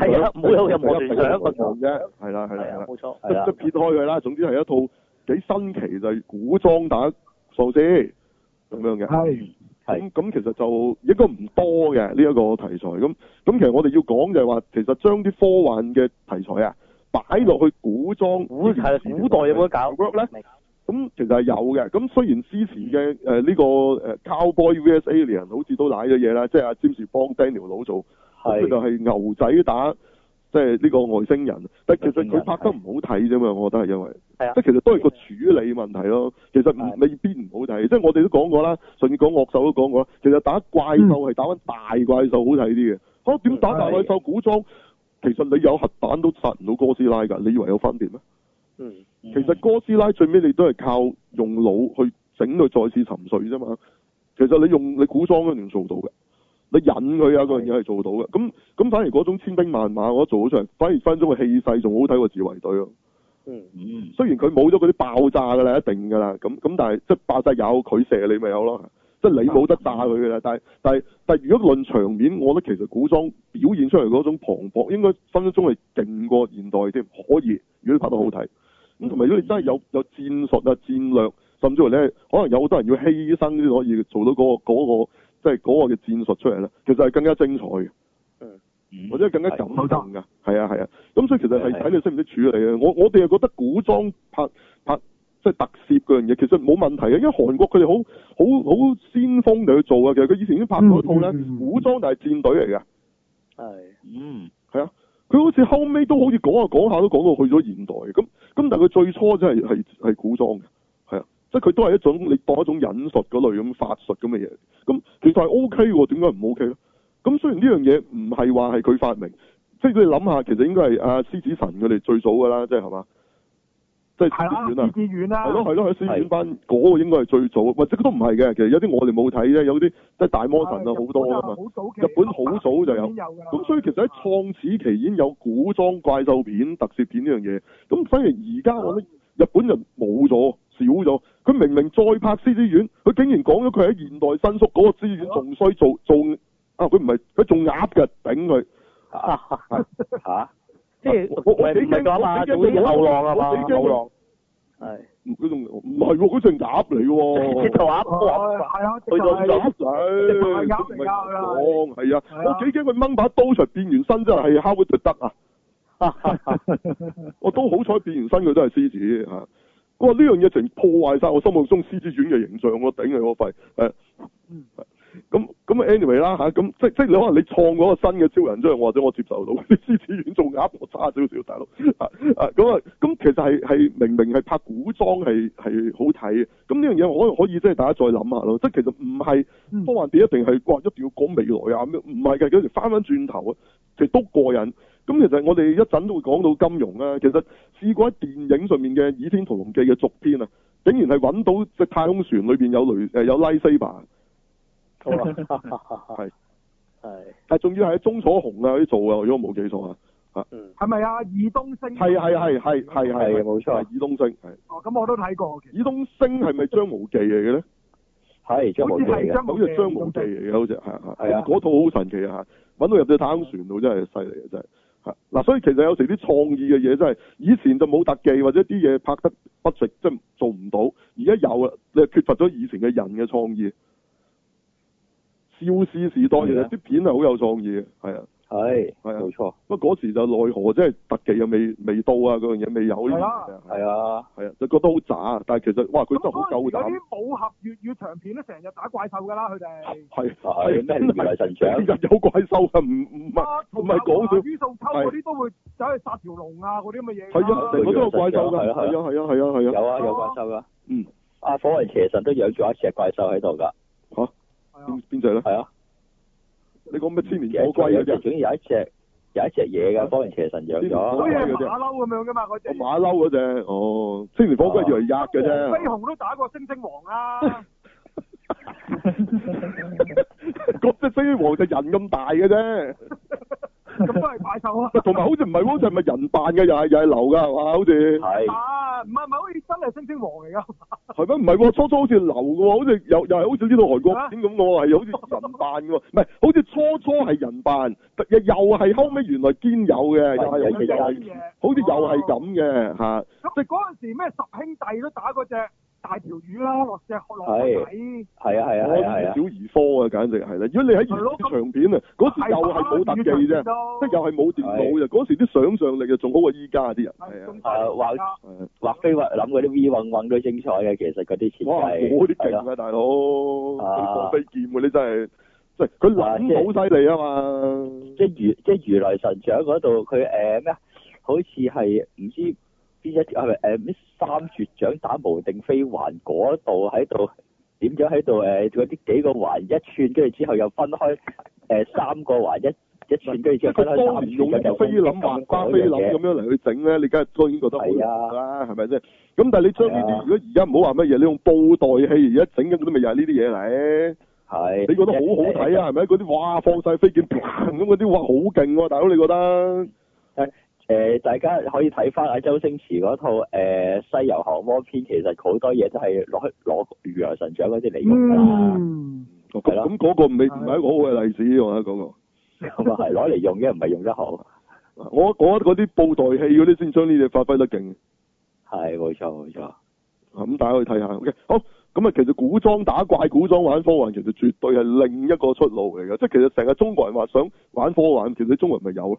任何聯繫，係唔好有任何聯想一個字啫。係啦係啦，冇錯係啦。即撇開佢啦，總之係一套幾新奇就係古裝打喪屍咁樣嘅。係咁咁，其實就應該唔多嘅呢一個題材。咁咁，其實我哋要講就係話，其實將啲科幻嘅題材啊。擺落去古裝，古係古代有冇得搞 rock 咧？咁、嗯、其實係有嘅。咁雖然詩詞嘅誒呢個誒 cowboy vs alien 好似都瀨咗嘢啦，即係阿占士幫 daniel 佬做，咁就係牛仔打即係呢個外星，外星人。但其實佢拍得唔好睇啫嘛，我覺得係因為，即係其實都係個處理問題咯。其實不未必唔好睇，即係我哋都講過啦，順講惡手都講過啦。其實打怪獸係打翻大怪獸好睇啲嘅。啊，點打大怪獸古裝？其實你有核彈都殺唔到哥斯拉噶你以為有分別咩？嗯，嗯，其實哥斯拉最尾你都係靠用腦去整佢再次沉睡啫嘛。其實你用你古裝都唔做到嘅，你引佢啊嗰樣嘢，係做到嘅。咁咁反而嗰種千兵萬馬我一做好出嚟，反而分咗個氣勢仲好睇過自衛隊咯。嗯嗯，雖然佢冇咗嗰啲爆炸噶啦，一定噶啦，咁咁但係即係爆炸有佢射你咪有咯。你冇得打佢嘅啦，但係但係但係，如果論場面，我覺得其實古裝表現出嚟嗰種磅礴，應該分分鐘係勁過現代添。可以，如果拍得好睇，咁同埋如果你真係有有戰術啊戰略，甚至乎你可能有好多人要犧牲先可以做到嗰個嗰個即係嗰個嘅戰術出嚟咧，其實係更加精彩嘅，嗯，或者是更加感動㗎，係啊係啊，咁所以其實係睇你識唔識處理啊。我我哋係覺得古裝拍拍。即係特攝嗰樣嘢，其實冇問題嘅，因為韓國佢哋好好好先鋒嚟去做啊。其實佢以前已經拍過一套咧， 古裝但係戰隊嚟嘅。係， 嗯，係啊，佢好似後尾都好似講下講下都講到去咗現代咁咁，但係佢最初真係係係古裝嘅，係啊，即係佢都係一種你當一種忍術嗰類咁法術咁嘅嘢，咁其實係 O K 喎，點解唔 O K 咧？咁雖然呢樣嘢唔係話係佢發明，即係佢哋諗下，其實應該係阿、啊、獅子神佢哋最早㗎啦，即係係嘛？即係《屍之院》啊，係咯係咯，喺《屍之院》班嗰、嗰個應該係最早，唔係即係都唔係嘅。其實有啲我哋冇睇咧，有啲即係大魔神啊，好多啊嘛。日本好早，早就有，咁所以其實喺創始期已經有古裝怪獸片、特攝片呢樣嘢。咁反而而家我覺得日本人冇咗，少咗。佢明明再拍《屍之院》，佢竟然講咗佢喺現代新宿嗰、嗰個《屍之院》仲衰，做做，做啊！佢唔係佢仲鴨嘅，頂佢嚇。啊 即係、 啊，我唔係咁啊！佢佢後浪啊嘛，佢後浪，係，佢唔係？佢成鴨嚟喎，隻頭鴨，係啊，隻頭鴨，隻頭鴨唔係，哦，係啊，我幾驚佢掹把刀出嚟變完身真係，係烤嗰隻得啊！我都好彩變完身，佢都係獅子吓。佢話呢樣嘢，情、這個、破壞晒我心目中獅子犬嘅形象，我頂你個肺！誒。啊 咁咁、anyway, 啊，anyway 啦，咁即即你可能你創嗰個新嘅超人將，即係或者我接受到啲獅子丸做鴨婆，我差少少，大佬啊啊咁啊，咁、啊、其實係係明明係拍古裝係係好睇嘅。咁呢樣嘢可可以即係、就是、大家再諗下咯。即其實唔係科幻片一定係講一定要講未來啊，唔係嘅，嗰時翻翻轉頭啊，其實都過癮。咁其實我哋一陣都會講到金庸啊。其實試過喺電影上面嘅《倚天屠龍記》嘅續篇啊，竟然係揾到隻太空船裏面有雷有拉西吧。係係係，仲要係鍾楚紅啊啲做啊，如果冇記錯啊，嚇係咪啊？以東升，係係係係係係冇錯，易東升，係。哦，咁我都睇過以易東昇係咪張無忌嚟嘅咧？係、哦、張無忌嘅，好似張無忌嚟嘅，好似係係啊！嗰、啊、套好神奇啊！嚇，揾到入隻太空船度真係犀利啊！真係嚇嗱，所以其實有時啲創意嘅嘢真係以前就冇特技或者啲嘢拍得不值，即、就、係、是、做唔到。而家有啊，你係缺乏咗以前嘅人嘅創意。邵氏時，時代其實啲片係好有創意嘅。係啊，係，冇錯。不過嗰時就是奈何，即係特技又未未到，到是啊，嗰樣嘢未有咧，係啊，係啊，啊啊、就覺得好渣。但係其實哇，佢真係好夠膽。有啲武俠粵語長片成日打怪獸噶啦，佢哋係係咩？如來神掌成日有怪獸噶，唔唔唔係講笑。係。啲掃啲都會走去殺條龍啊，嗰啲咁嘅嘢。係啊，嗰都有怪獸噶，係啊，係啊，係啊，係啊。啊啊、有啊，有怪獸噶。嗯，阿火雲邪神都養咗一隻怪獸喺度噶。邊邊隻咧？係啊，你講咩？千年火？火龜嗰隻，總之有一隻有一隻嘢噶，幫人邪神養咗，嗰隻馬騮咁樣噶嘛，嗰隻馬騮嗰隻，哦，千年火龜就係壓嘅啫，哦哦哦、飛鴻都打過猩猩王啊。 嗰 隻 星猩王就人咁大嘅啫、 嗯，咁都係怪獸啊！同 埋好似唔係喎，就係咪人扮嘅，又係又係流噶係嘛？好似係啊，唔係唔係好似真係星星王嚟噶？係 咪？唔係喎，初初好似流嘅喎，好似又又係好似呢套韓國片咁喎，係好似人扮嘅喎，唔係，好似初初係人扮，又又係後尾原來堅有嘅， 又係又係，好似又係咁嘅吓。咁佢嗰陣時咩十兄弟都打嗰隻。大條魚啦，落隻落個底，係啊係啊，我做小兒科嘅，簡直係啦。如果你喺電視長片啊，嗰、啊、時又係冇特技啫，即係又係冇電腦嘅。嗰時啲想像力啊，仲好過依家啲人。係啊，畫畫飛畫諗嗰啲 V 運運都精彩嘅，其實嗰啲錢。哇，好啲勁啊，大佬，刀飛劍啊，你真係、啊啊，即係佢諗到好犀利啊嘛。即係如即係如來神掌嗰度，佢誒咩啊？好似係唔知。係咪咩三絕掌打無定飛環嗰度喺度點咗喺度誒嗰啲幾個環一串，跟住之後又分開誒、呃、三個環一一串，即係佢多年用飛諗萬花飛諗咁樣嚟去整咧，你梗係當然覺得係啊啦，係咪先？咁但係你將呢啲、啊、如果而家唔好話乜嘢，你用布袋戲而家整緊都咪又係呢啲嘢咧，係你覺得好好睇啊？係咪嗰啲哇放曬飛劍咁嗰啲哇好勁、啊、大佬你覺得誒？誒、呃，大家可以睇翻啊，周星馳嗰套誒、呃《西遊降魔篇》，其實好多嘢都係攞去攞如來神掌嗰啲嚟用啦。係、嗯、咯，咁嗰個唔係唔係一個好嘅例子、啊，我喺講個。係攞嚟用嘅，唔係用得好。 我講嗰啲布袋戲嗰啲先將呢嘢發揮得勁。係冇錯冇錯。咁大家可以睇下。OK，好。咁啊，其實古裝打怪、古裝玩科幻其實絕對係另一個出路嚟噶。即係其實成日中國人話想玩科幻，其實中國人咪有。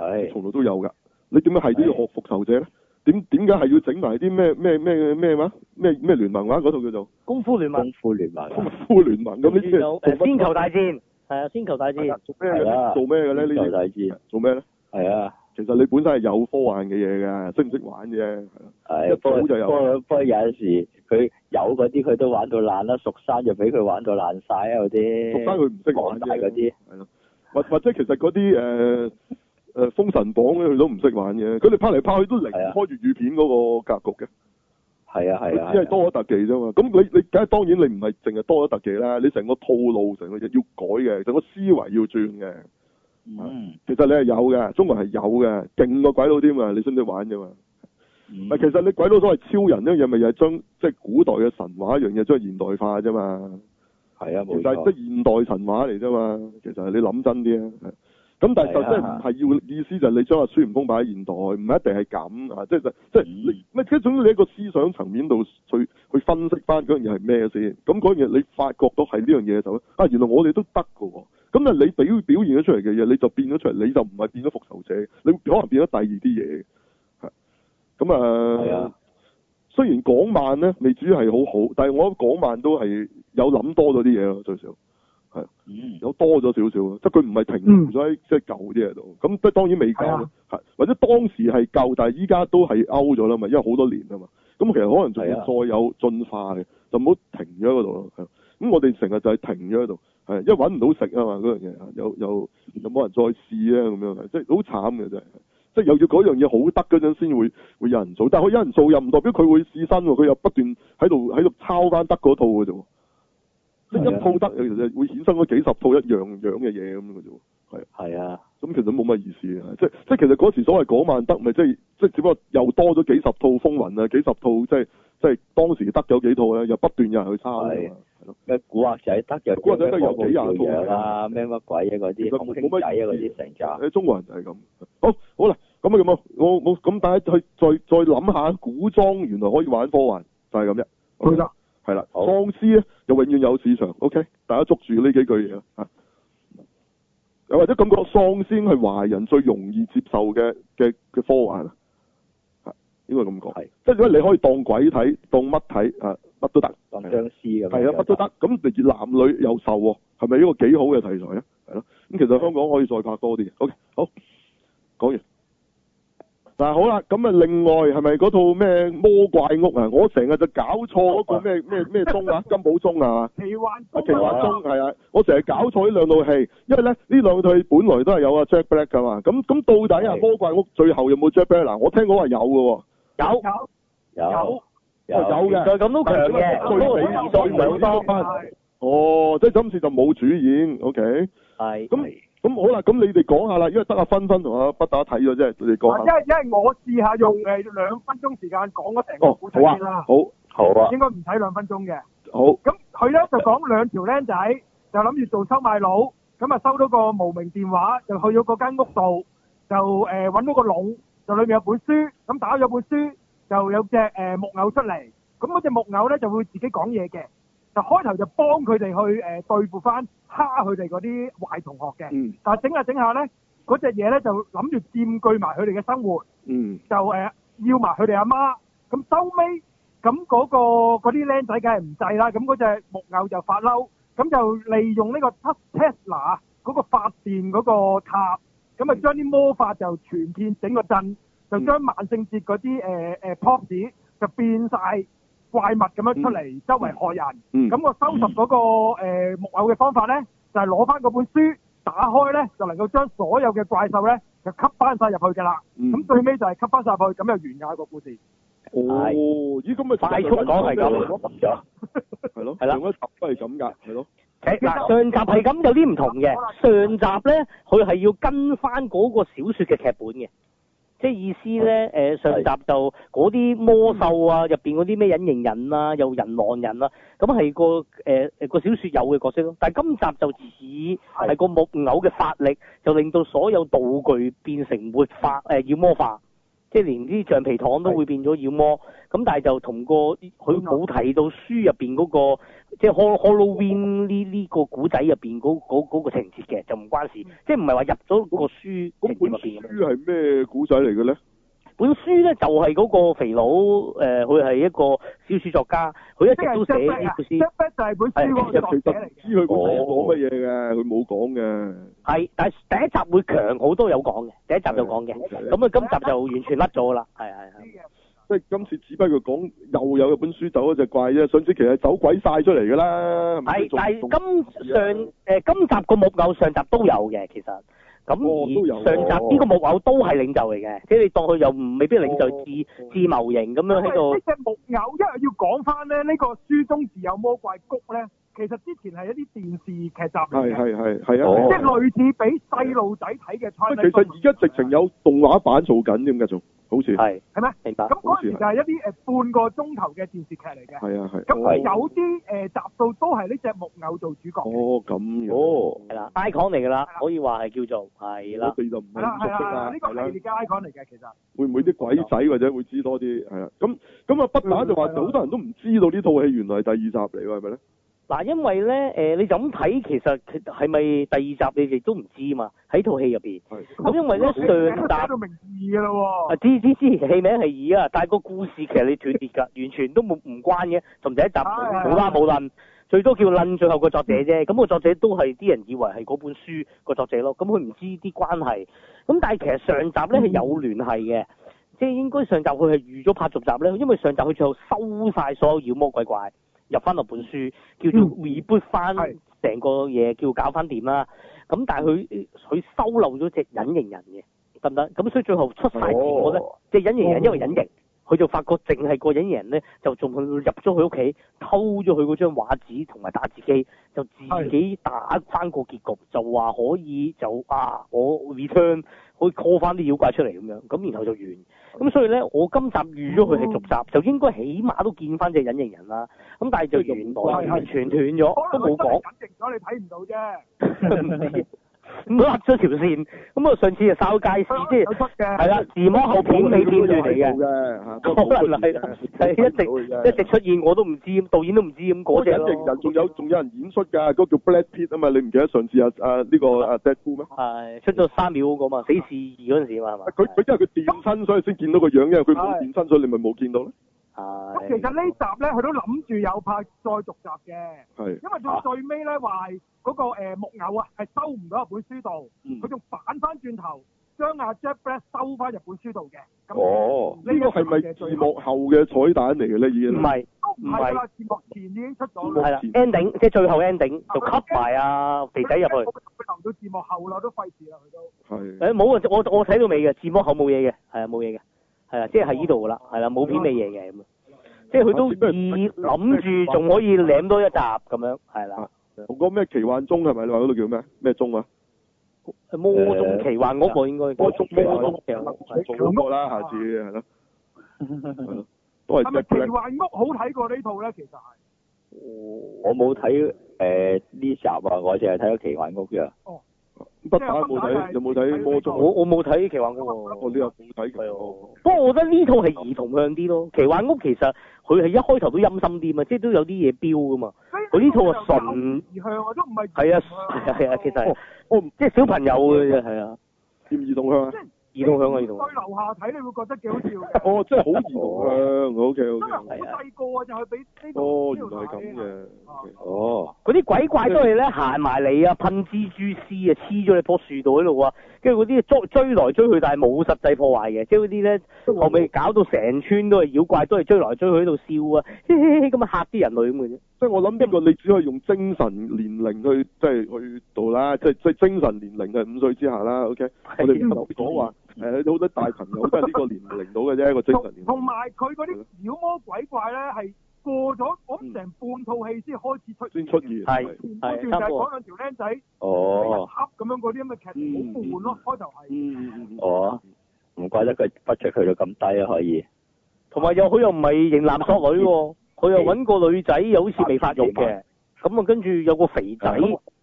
係，從來都有㗎。你點解係都要學復仇者咧？點點解係要整埋啲咩咩咩咩話？咩咩聯盟話、啊、嗰套叫做功夫聯盟。功夫聯盟。功夫聯盟咁呢啲做咩？誒，星球大戰係啊，星球大戰做咩嘅咧？做咩嘅咧？星球大戰做咩咧？係啊，其實你本身係有科幻嘅嘢㗎，識唔識玩啫？係、啊啊。一早就有。不過有陣時佢有嗰啲佢都玩到爛啦，蜀山就俾佢玩到爛晒啊！嗰啲蜀山，佢唔識玩嗰啲，係咯，或或者其實嗰啲誒。呃 誒，封神榜咧，佢都唔識玩嘅。佢哋拍嚟拍去都離唔開粵語片嗰個格局嘅。係啊係啊。啊啊只係多咗特技啫嘛。咁、啊啊啊、你你梗係當然，你唔係淨係多咗特技啦。你成個套路，成個嘢要改嘅，成個思維要轉嘅、嗯啊。其實你係有嘅，中國係有嘅，勁過鬼佬添嘛。你識唔識玩啫嘛、嗯？其實你鬼佬所謂超人一樣咪又係將即係古代嘅神話一樣嘢將現代化啫嘛。係啊，冇錯。其實係即係現代神話嚟啫嘛。其實係你諗真啲啊。咁但係就真係唔係要、啊、意思就係你將阿孫悟空擺喺現代，唔係一定係咁、即係即係、即係即係你唔即係總之你喺個思想層面度去去分析翻嗰樣嘢係咩先？咁嗰樣嘢你發覺到係呢樣嘢就啊，原來我哋都得㗎喎。咁啊，你表表現咗出嚟嘅嘢，你就變咗出嚟，你就唔係變咗復仇者，你可能變咗第二啲嘢。咁啊，啊，雖然講漫呢未至於係好好，但係我講漫都係有諗多咗啲嘢咯，最少。有、嗯、多咗少少即係佢唔係停咗喺即係舊啲喺度，咁即係當然未夠、啊、或者當時係夠，但係依家都係 out 咗啦嘛，因為好多年啊嘛，咁其實可能仲要再有進化嘅、啊，就唔好停咗喺度咯，係，咁我哋成日就係停咗喺度，係，因為揾唔到食啊嘛嗰樣嘢，有有冇人再試啊咁樣，即係好慘嘅啫。即係又要嗰樣嘢好得嗰陣先會會有人做，但係佢有人做又唔代表佢會試新喎，佢又不斷喺度喺度抄翻得嗰套嘅啫。啊、一套得，其實就會衍生咗幾十套一樣樣嘅嘢咁嘅啫喎。係啊，咁、啊、其實冇乜意思啊。即即其實嗰時所謂講萬得，咪、就是、即係即係只不過又多咗幾十套風雲啊，幾十套、就是、即即係當時得咗有幾套咧，又不斷有人去抄。係咯、啊啊啊，古惑仔得嘅古惑仔得有幾廿套啦，咩乜、啊啊、鬼啊嗰啲冇乜仔啊嗰啲成咗。中國人就係咁。好，好啦，咁啊咁啊，我我咁大家再再再諗下，古裝原來可以玩科幻，就係咁啫。啦。係啦，喪屍咧又永遠有市場。OK，大家捉住呢幾句嘢啊，又或者感覺喪屍係華人最容易接受嘅嘅嘅科幻，係、啊、應該咁講。係即係，如果你可以當鬼睇，當乜睇啊，乜都得當僵屍咁。係啊，乜都得咁。男女有仇喎，係咪呢個幾好嘅題材咧？係咯。咁其實香港可以再拍多啲嘅。OK，好講完。嗱、啊、好啦，咁啊另外係咪嗰套咩魔怪屋啊？我成日就搞錯嗰個咩咩咩鐘啊，鐘啊 金寶鐘啊，奇幻鐘係啊，啊，啊，啊，啊，我成日搞錯呢兩套戲，因為咧呢兩套戲本來都係有啊 Jack Black 噶嘛，咁咁到底啊魔怪屋最後有冇 Jack Black？嗱我聽講話有噶喎，有有有有嘅，就咁都強嘅，對比而對唔多啊，哦，即、就、係、是、今次就冇主演，OK，係咁。咁好啦，咁你哋講下啦，因為得阿芬芬同阿北打睇咗啫，你講啊！因為因為我試下用誒兩分鐘時間講咗成個故事先啦。好啊，好啊，應該唔使兩分鐘嘅。好。咁佢咧就講兩條僆仔就諗住做收買佬，咁啊收到個無名電話，就去咗嗰間屋度，就誒搵到個籠，就裏面有本書，咁打咗本書，就有隻誒木偶出嚟，咁嗰隻木偶咧就會自己講嘢嘅。就開頭就幫佢哋去誒、呃、對付翻蝦佢哋嗰啲壞同學嘅、嗯，但係整下整下咧，嗰隻嘢咧就諗住佔據埋佢哋嘅生活，嗯、就誒、呃、要埋佢哋阿媽。咁收尾咁嗰個嗰啲僆仔梗係唔制啦。咁嗰隻木偶就發嬲，咁就利用呢個 Tesla 嗰個發電嗰個塔，咁啊將啲魔法就傳遍整個鎮，就將萬聖節嗰啲誒誒 pop 子就變晒。怪物咁樣出嚟，嗯，周圍害人。咁、嗯、我收拾嗰、那個誒、呃、木偶嘅方法咧，就係攞翻嗰本書打開咧，就能夠將所有嘅怪獸咧就吸翻晒入去㗎啦。咁、嗯、最尾就係吸翻晒入去，咁就完噶啦個故事。哦，咦，咁咪快速講係咁咯，係咯。係 啦， 上集係咁噶，係咯。嗱，上集係咁有啲唔同嘅，上集咧佢係要跟翻嗰個小說嘅劇本嘅。即係意思咧，誒上集就嗰啲魔獸啊，入邊嗰啲咩隱形人啊，又人狼人啊，咁係個誒、呃、個小説有嘅角色咯。但係今集就似係個木偶嘅法力，就令到所有道具變成活化、呃、要魔法。即係連啲橡皮糖都會變咗妖魔，咁但係就同個佢冇睇到書入面嗰、嗰個，即、就、係、是、Halloween 呢呢個古仔入面嗰、嗰個嗰個情節嘅，就唔關事，即係唔係話入咗個書劇本入邊咩？書係咩古仔嚟嘅咧？本書咧就係、是、嗰個肥佬，誒、呃，佢係一個小說作家，佢一直都寫。執筆本書嗰個、啊、作者講乜嘢噶？佢冇講嘅。係，但係第一集會強好多有講嘅，第一集有講嘅。咁啊，今集就完全甩咗啦，係係係。即係今次只不過講又有一本書走咗隻怪啫，上次其實走鬼晒出嚟噶啦。係，但係今、啊、上誒、呃、今集個木偶上集都有嘅，其實。咁、哦哦、而上集呢個木偶都係領袖嚟嘅，哦，即你當佢又唔未必領袖，哦、自自謀型咁樣喺度。呢隻木偶一係要講翻咧，呢個書中自有魔怪谷咧，其實之前係一啲電視劇集嚟嘅，係係係係啊，即係類似俾細路仔睇嘅。不過其實而家直情有動畫版做緊，點解做？好似，係係咩？明白。咁嗰陣時就係一啲誒半個鐘頭嘅電視劇嚟嘅。係啊係。咁佢、啊啊、有啲誒、哦呃、集數都係呢隻木偶做主角嘅哦咁樣。哦。係啦，icon 嚟㗎啦，啦，可以話係叫做係啦。我哋就唔係唔熟悉啦呢、呢個你而家 icon 嚟嘅其實。嗯、會唔會啲鬼仔或者會知多啲？係啦。咁咁啊，不打就話好、嗯、多人都唔知道呢套戲原來係第二集嚟㗎，係咪咧？嗱，因為咧，誒、呃，你咁睇其實係咪第二集你哋都唔知嘛？喺套戲入邊，咁因為咧上集，名義嘅喇喎，知知知，戲名係二啊，但係個故事其實你斷裂㗎，完全都冇唔關嘅，同第一集無啦冇論， 最多叫論最後個作者啫。咁、那個作者都係啲人以為係嗰本書個作者咯。咁佢唔知啲關係。咁但係其實上集咧係有聯繫嘅，即係應該上集佢係預咗拍續集咧，因為上集佢最後收晒所有妖魔鬼怪。入翻落本書，叫做 reboot 翻成個嘢，叫、嗯、搞翻掂啦。咁但係佢佢收漏咗隻隱形人嘅，得唔得？咁所以最後出曬自我咧，即、哦、係隱形人因為隱形。哦佢就發覺淨係個隱形人咧，就仲入咗佢屋企偷咗佢嗰張畫紙同埋打字機，就自己打翻個結局，就話可以就啊我 return 可以 call 翻啲妖怪出嚟咁樣，咁然後就完。咁所以咧，我今集預咗佢係續集，就應該起碼都見翻隻隱形人啦。咁但係就完全斷咗都冇講。隱形咗你睇唔到啫。 咁甩咗條線，咁我上次就紹介時即係係啦，字幕後片未見住你嘅，好難睇，一直一直出現我都唔知，導演都唔知咁嗰隻咯。仲有仲有人演出㗎，嗰、那個、叫 Brad Pitt 啊嘛，你唔記得上次啊？呢、啊呢個阿 Deadpool 咩？係、啊啊啊、出咗三秒嗰個嘛，死侍二嗰陣時嘛係嘛？佢佢因為佢掂身所以先見到個樣，因為佢冇掂身所以你咪冇見到咧。咁、啊、其實呢集咧，佢都諗住有拍再續集嘅，因為到最尾咧話嗰個木偶啊，係收唔到一本書度，佢仲反翻轉頭將阿 Jack 收翻入本書度嘅、嗯。哦，呢個係咪字幕後嘅彩蛋嚟嘅咧已經？唔都唔係字幕前已經出咗。係啦，ending 即係最後 ending 就 cut 埋阿肥仔入去。留到字幕後啦，都費事啦佢都。係。冇、欸、我我睇到未嘅字幕後冇嘢嘅，係啊冇嘢嘅。係啦即係喺呢度噶啦，係啦，冇片尾嘢嘅咁啊，即係佢都唔諗住仲可以舐多一集咁樣，係啦、啊。我講咩奇幻鐘係咪？你話嗰度叫咩？咩鐘啊？魔鐘奇幻屋應該。我中魔鐘奇幻屋仲好過啦，下次係咯。係咪 奇幻屋好睇過呢套咧？其實係。我我冇睇誒呢集啊，我淨係睇咗奇幻屋嘅。哦不打冇睇，有冇睇魔中？我我冇睇奇幻屋，我呢又冇睇佢哦。不過、啊、我覺得呢套係兒童向啲咯，奇幻屋其實佢係一開頭都陰森啲嘛，即係都有啲嘢標噶嘛。佢呢套係純兒童向啊，都唔係。係啊係啊，其實、哦、我唔即係小朋友嘅啫，係啊，掂兒童向啊。就是耳筒響啊，耳樓下睇你會覺得幾好笑。哦，真係好耳筒啊，好似好真係好細個啊，就係俾呢哦，原來係咁嘅。啊、okay，哦。嗰啲鬼怪都係咧行埋嚟啊，噴蜘蛛絲啊，黐咗你棵樹度喺度啊。跟住嗰啲捉追來追去，但係冇實際破壞嘅，即係嗰啲咧我咪搞到成村都係妖怪，都係追來追去喺度笑啊，咁啊吓啲人類咁嘅啫。即係我諗呢個你只可以用精神年齡去，即、嗯、係去到啦，即係即係精神年齡嘅五歲之下啦。O、okay? K， 我哋唔好講話誒，好多大朋友都係呢個年齡到嘅啫。一個精神年齡，同埋佢嗰啲妖魔鬼怪咧係過咗咁成半套戲先開始出先出現，係，嗰段就係講兩條僆仔哦，黑咁樣嗰啲咁嘅劇好悶咯。開頭係，哦，唔、哦嗯嗯嗯哦、怪得佢不出去到咁低啦、啊，可以。同埋又佢又唔係型男索女喎。嗯嗯哦佢又揾個女仔，又好似未發育嘅，咁啊跟住有個肥仔，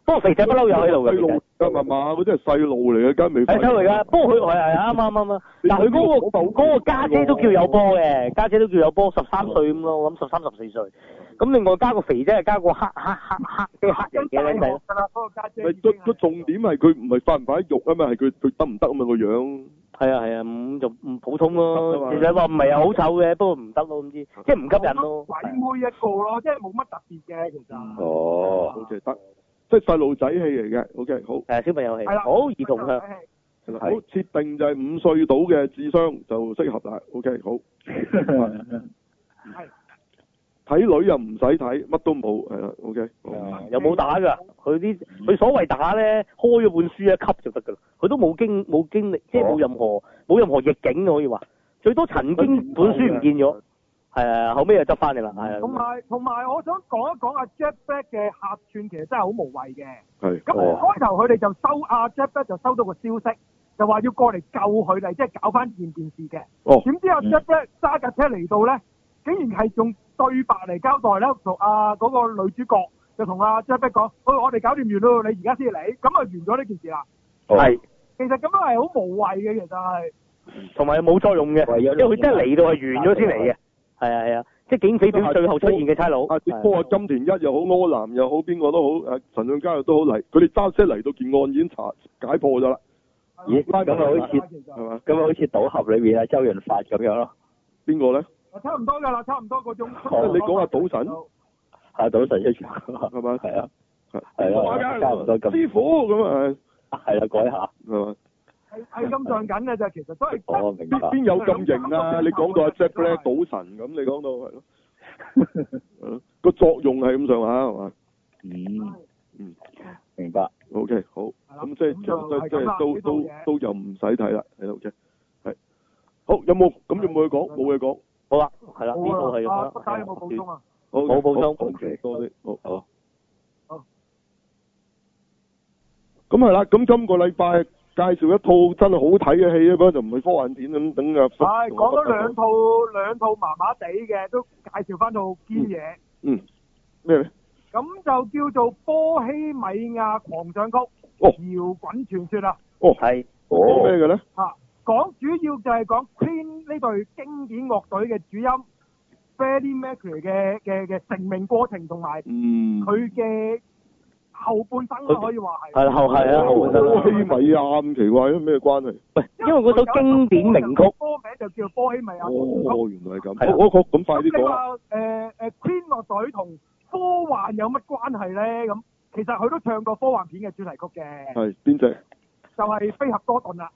不過肥仔不嬲又喺度嘅。細路加埋嘛，嗰啲係細路嚟嘅，加未發育嘅。不過佢係係啱啱啱啱， 對對對 但佢嗰、嗰個家、嗰個、姐都叫有波嘅，家 姐都叫有波，十三歲咁咯，我諗十三十四歲。咁另外加個肥啫，加個黑黑黑黑叫黑人嘅咧，係啦，嗰、那個家姐，姐。唔係，佢重點係佢唔係發唔發啲肉啊嘛，係佢佢得唔得啊嘛，個樣。係啊係啊，咁就唔普通咯、嗯。其實話唔係好醜嘅，不過唔得咯咁知，即係唔吸引咯。嗯、鬼妹一個咯，即係冇乜特別嘅。其實哦，好似係得，即係細路仔戲嚟嘅。O K，好。係小朋友戲。好兒童戲。好設定就係五歲到嘅智商就適合啦。O K，好。係。睇女又唔使睇，乜都冇，係啊，OK，又冇打噶，佢啲佢所謂打咧，開咗本書一級就得噶啦，佢都冇經冇經歷，即係冇任何冇任何逆境可以話，最多曾經本書唔見咗，係啊，後尾又執翻嚟啦，係啊。同埋同埋，我想講一講阿 Jack Black 嘅客串，其實真係好無謂嘅。係。咁、哦、開頭佢哋就收阿 Jack Black，就收到個消息，就話要過嚟救佢哋，即係搞翻件件事嘅。哦。點知阿 Jack Black 揸架車嚟到咧？竟然係用對白嚟交代咧，同啊嗰個女主角就同阿 Jackie 講，喂，我哋搞掂完咯，你而家先嚟，咁啊完咗呢件事啦。係。其實咁樣係好無謂嘅，其實係。同埋冇作用嘅，因為佢真係嚟到係完咗先嚟嘅。係啊係啊，即係警匪片最後出現嘅差佬。啊，不過金田一又好，柯南又好，邊個都好，陳振交又都好嚟，佢哋揸車嚟到件案已經查解破咗啦。咦？咁啊好似係嘛？咁啊好似賭俠裏面啊，周潤發咁樣咯。邊個咧？差唔多㗎喇，差唔多個鐘。你講下賭神，吓賭神一出，係咪？係啊，係啊，師傅咁啊，係啊，改下係嘛？係咁上緊嘅就其實都係邊邊有咁型啊，啊？你講到阿 Jack 咧，l 賭神咁，你講到個、啊、 作用係咁上下係嘛？嗯， 嗯，明白。O、okay, K，好，咁即係、就是、即係都都都就唔使睇啦。係囉，O K，係好有冇？咁 有冇去講，冇 去講。好啦，係啦，呢套係咁樣。阿阿阿，不打有冇補充啊？冇補充，多啲，好，好。咁係啦，咁今個禮拜介紹一套真係好睇嘅戲啊，咁就唔係科幻片咁等嘅。係講咗兩套，兩套麻麻地嘅，都介紹翻，套堅嘢。嗯。咩咧？咁就叫做波希米亞狂想曲，搖滾傳說啊。哦，係。哦。咩嘅咧？啊。講，主要就係講 Queen 呢隊經典樂隊嘅主音 Freddie Mercury 嘅嘅嘅成名過程同埋佢嘅後半生，都可以話係。係啦，係啊，後半生。波希米亞咁奇怪，咩關係？喂，因為嗰首經典名曲歌名就叫波希米亞。哦，原來係咁。係嗰曲，咁快啲講。咁你話誒誒 Queen 樂隊同科幻有乜關係咧？咁其實佢都唱過科幻片嘅主題曲嘅。係邊隻？就係《飛俠多頓》啦。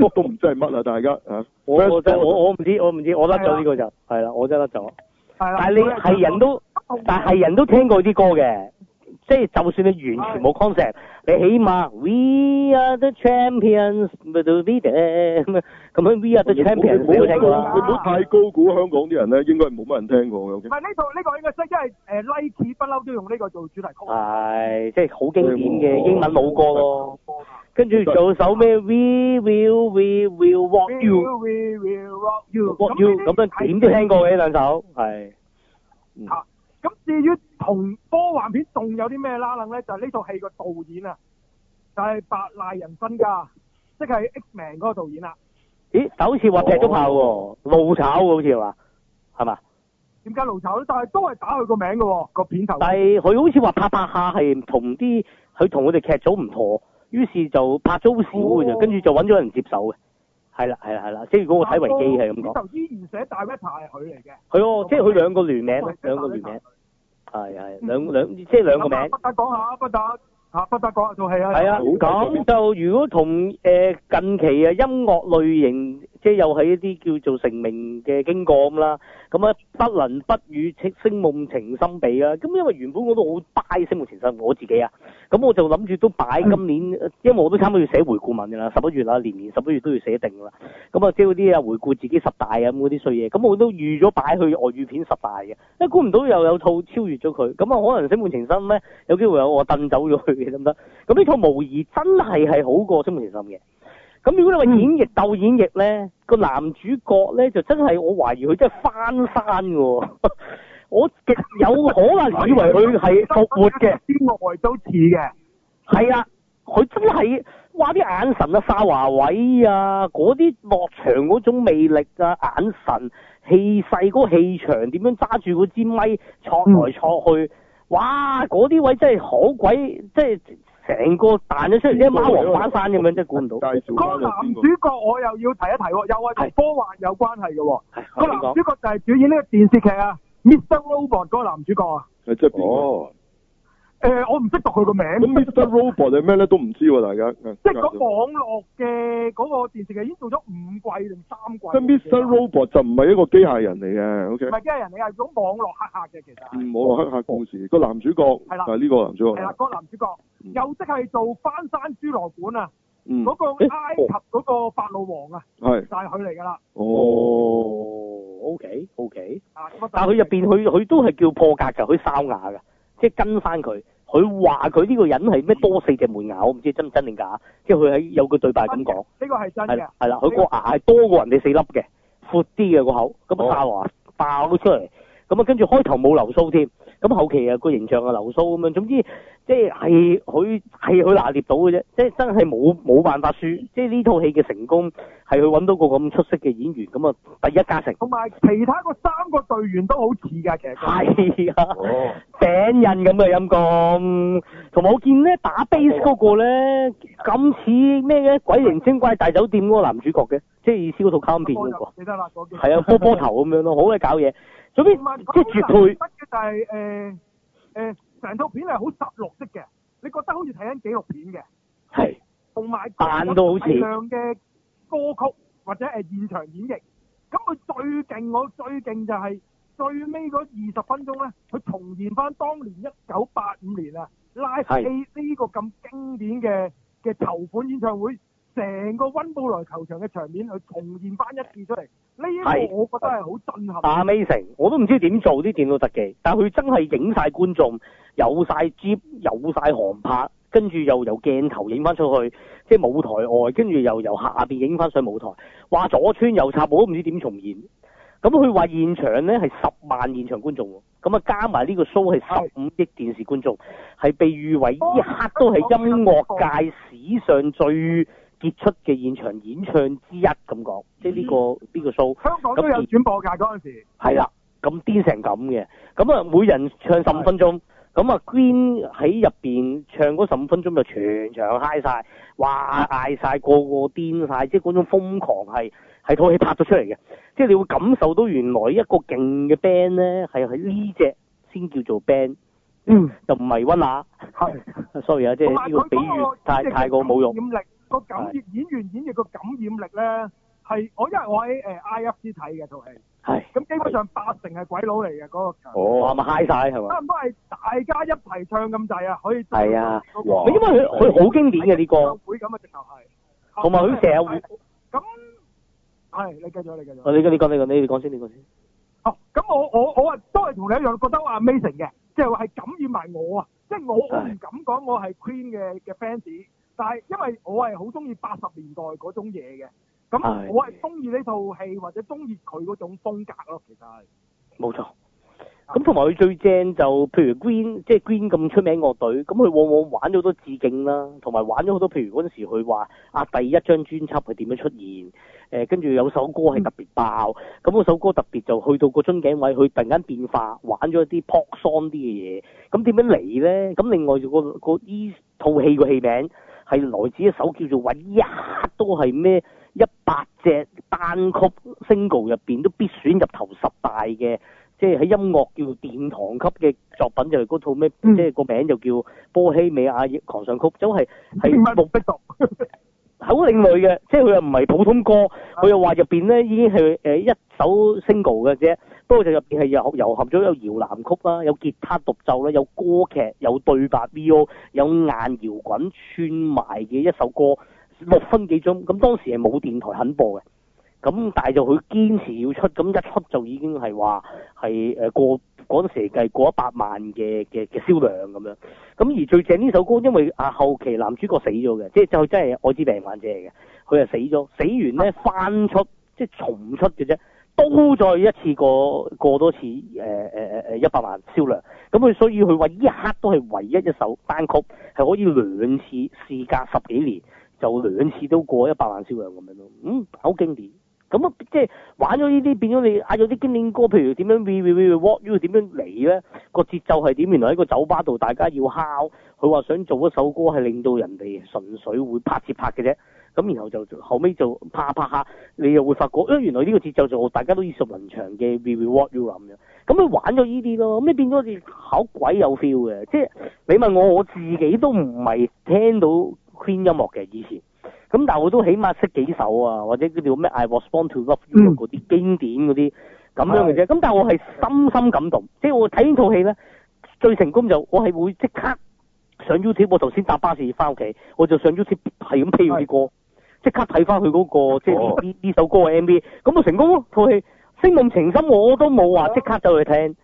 我都唔知係乜啊，大家嚇，啊，我我我唔知，我唔知，我甩咗呢個就係啦，我真係甩咗。係啦。但係你係人都， 但係人都聽過啲歌嘅。即係就算你完全冇 concept，你起碼 We Are The Champions，咪做呢啲咧咁啊，咁樣 We Are The Champions 冇聽過。你唔好太高估香港啲人咧，應該係冇乜人聽過嘅。唔係呢套呢個應該真係誒，Lady 不嬲都用呢個做主題曲。係，即係好經典嘅英文老歌咯。跟住仲有首咩？We Will We Will Walk You，Walk You，咁樣點都聽過嘅呢兩首，係。咁至於同科幻片仲有啲咩啦楞咧，就係呢套戲導、就係、個導演啊，就係白賴人真噶，即係 X-Men 嗰個導演啦。咦，就好似話劈咗炮喎，怒、哦、炒喎，好似話，係嘛？點解怒炒？但係都係打佢個名嘅喎，個片頭。但係佢好似話拍拍下係同啲佢同我哋劇組唔妥，於是就拍咗好少嘅啫，跟、哦、住就搵咗人接手嘅。係啦，係啦，係啦，即係如果我睇維基係咁講。頭先唔寫大 weather 係佢嚟嘅。係哦，即係佢兩個聯名，兩個聯名，係係兩兩即係兩個名。北達講下，北達吓，北達講下套戲啊。係啊，咁就如果同誒近期嘅音樂類型。即又係一啲叫做成名嘅經過咁啦，咁啊不能不與《星夢情深》比啊！咁因為原本我都好擺《星夢情深》，我自己啊，咁我就諗住都擺今年，因為我都差唔多要寫回顧文啦，十一月啦，年年十一月都要寫定噶啦。咁啊，即啲啊回顧自己十大啊，咁嗰啲衰嘢，咁我都預咗擺去外語片十大嘅，一估唔到又有套超越咗佢，咁啊可能《星夢情深》呢咧有機會有我燉走咗佢嘅，得唔得？咁呢套無疑真係係好過《星夢情深》嘅。咁如果你話演繹鬥演繹咧，個男主角咧就真係我懷疑佢真係翻山噶， 我極有可能以為佢係復活嘅。邊個外都似嘅？係啊，佢真係，哇啲眼神啊，沙華位啊，嗰啲落場嗰種魅力啊，眼神、氣勢、嗰氣場，點樣揸住嗰支咪，坐來坐去，嗯、哇，嗰啲位真係好鬼，真係。成個彈咗出嚟，一馬王翻山咁樣，即係估唔到。個男主角我又要提一提，又係同科幻有關係嘅。男個，個男主角就係主演呢個電視劇啊，Mr. Robot 嗰個男主角啊。喺出邊。哦誒、呃，我唔識讀佢個名。咁 Mr. Robot 係咩咧？都唔知喎、啊，大家。即係講網絡嘅嗰個電視劇已經做咗五季定三季。係 Mr. Robot 就唔係一個機械人嚟嘅，O K？唔係機械人，你係種網絡黑客嘅，其實。嗯，網絡黑客故事男、嗯啊、個男主角係啦，呢個男主角係啦，個、啊、男主角、嗯、又即係做翻山侏羅館啊，嗰、嗯那個埃及嗰個法老王啊，係、嗯，就係佢嚟噶啦。哦，O K O K，但係佢入邊佢佢都係叫破格噶，佢哨牙噶。即係跟翻佢，佢話佢呢個人係咩多四隻門牙，我唔知真真定假。即係佢喺有個對白咁講，呢個係真嘅。係啦，係啦，佢個牙係多過人哋四粒嘅，闊啲嘅個口，咁爆落啊，爆咗出嚟。咁啊，跟住開頭冇流蘇添，咁後期啊個形象啊流蘇咁樣，總之即係係佢係佢拿捏到嘅啫，即係真係冇冇辦法輸。即係呢套戲嘅成功係佢揾到個咁出色嘅演員，咁啊第一加成。同埋其他個三個隊員都好似㗎，其實係啊，餅印咁嘅咁講，同埋我見咧打 bass 嗰個咧咁似咩嘅？鬼靈精怪大酒店嗰個男主角嘅，即係意思嗰套卡通片嗰個。記得嗰係啊，波波頭咁樣咯， 好鬼搞嘢。首先、就是，跟住佢，誒、呃、誒，成套片係好雜錄式嘅，你覺得好似睇緊紀錄片嘅。係。同埋到好台上嘅歌曲或者誒係現場演繹，咁佢最勁，我最勁就係最尾嗰二十分鐘咧，佢重現翻當年一九八五年啊，Live Aid 呢個咁經典嘅嘅籌款演唱會。成個温布萊球場嘅場面去重現翻一次出嚟，呢一個我覺得係好震撼。阿 m a o 成我都唔知點做啲電腦特技，但佢真係影曬觀眾，有曬接，有曬航拍，跟住又由鏡頭影翻出去，即係舞台外，跟住又由下面影翻上舞台。話左穿右插我都唔知點重現。咁佢話現場呢係十萬現場觀眾，咁啊加埋呢個 show 係十五億電視觀眾，係被譽為一刻都係音樂界史上最傑出嘅現場演唱之一咁講，即係呢個呢、嗯呢個 show，香港都有轉播㗎嗰陣時。係、嗯、啦，咁癲成咁嘅，咁啊，每人唱十五分鐘，咁啊 Queen 喺入面唱嗰十五分鐘就全場嗨晒，曬，哇嗌曬，個個癲曬，即係嗰種瘋狂係係套戲拍咗出嚟嘅，即、就、係、是、你會感受到原來一個勁嘅 band 咧係喺呢隻先叫做 band，嗯，就唔係温雅。係，sorry 啊，即係呢個比喻太太,太過冇用。個感染演員演繹個感染力咧，係我因為我喺誒 IFC 睇嘅套戲，係咁基本上八成係鬼佬嚟嘅嗰個哦，係咪 high 晒係嘛？差唔多係大家一齊唱咁滯啊？可以係啊，你因為佢佢好經典嘅呢個，會咁嘅直頭係，同埋佢成日會咁係，你繼續你繼續。我你你講你講，你講先，你講先。哦，咁我我我啊都係同你一樣覺得阿 Mason 嘅，即係話係感染埋我啊！即係我我唔敢講我係 Queen 嘅嘅 fans。但係因為我係好中意八十年代嗰種嘢嘅，咁我係中意呢套戲或者中意佢嗰種風格咯。其實係冇錯，咁同埋佢最正就是、譬如 Queen，即係 Queen 咁出名樂隊，咁佢往往玩咗好多致敬啦，同埋玩咗好多。譬如嗰陣時佢話啊，第一張專輯佢點樣出現？誒、呃，跟住有首歌係特別爆，咁、嗯、嗰首歌特別就去到個樽頸位，佢突然間變化，玩咗一啲 pop song 啲嘅嘢。咁點樣嚟咧？咁另外就、那個個啲套戲個戲名，係來自一首叫做《喂呀》，都係咩一百隻單曲 single 入邊都必選入頭十大嘅，即係喺音樂叫做殿堂級嘅作品，就係、是、嗰套咩，即係個名就叫《波希米亞狂想曲》就是，都係係無敵級，好另類嘅，即係佢又唔係普通歌，佢又話入邊咧已經係誒一首 single 嘅啫。不過就入邊係又合咗有搖籃曲啦，有吉他獨奏啦，有歌劇有對白，V.O. 有硬搖滾串埋嘅一首歌，六分幾鐘。咁當時係冇電台肯播嘅，咁但係就佢堅持要出，咁一出就已經係話係誒過嗰陣時計過一百萬嘅嘅嘅銷量咁樣。咁而最正呢首歌，因為阿後期男主角死咗嘅，即係就真係愛滋病患者嚟嘅，佢係死咗，死完咧翻出即係重出嘅啫。都再一次過過多次誒誒誒一百萬銷量，咁佢所以佢話呢一刻都係唯一一首單曲係可以兩次，時隔十幾年就兩次都過一百萬銷量咁樣咯，嗯，好經典。咁、嗯、即係玩咗呢啲，變咗你嗌咗啲經典歌，譬如點樣，We Will Rock You，點樣嚟呢個節奏係點？原來喺個酒吧度，大家要敲佢話想做一首歌，係令到人哋純粹會拍攝拍嘅啫。咁然後就後尾就拍下拍下，你又會發覺，因為原來呢個節奏就大家都耳熟能詳嘅，We Will Rock You 咁樣。咁你玩咗呢啲咯，咁你變咗好似好鬼有 feel 嘅。即係你問我，我自己都唔係聽到 Queen 音樂嘅以前。咁但係我都起碼識幾首啊，或者啲叫咩 I Was Born To Love You 嗰、嗯、啲經典嗰啲咁樣嘅啫。咁但係我係深深感動，即係我睇呢套戲咧最成功就是我係會即刻上 YouTube。我頭先搭巴士翻屋企，我就上 YouTube 係咁聽啲歌。即刻睇翻佢嗰個即係呢首歌嘅 MV，咁啊成功套戲《星夢情深》我都冇話即刻走去聽，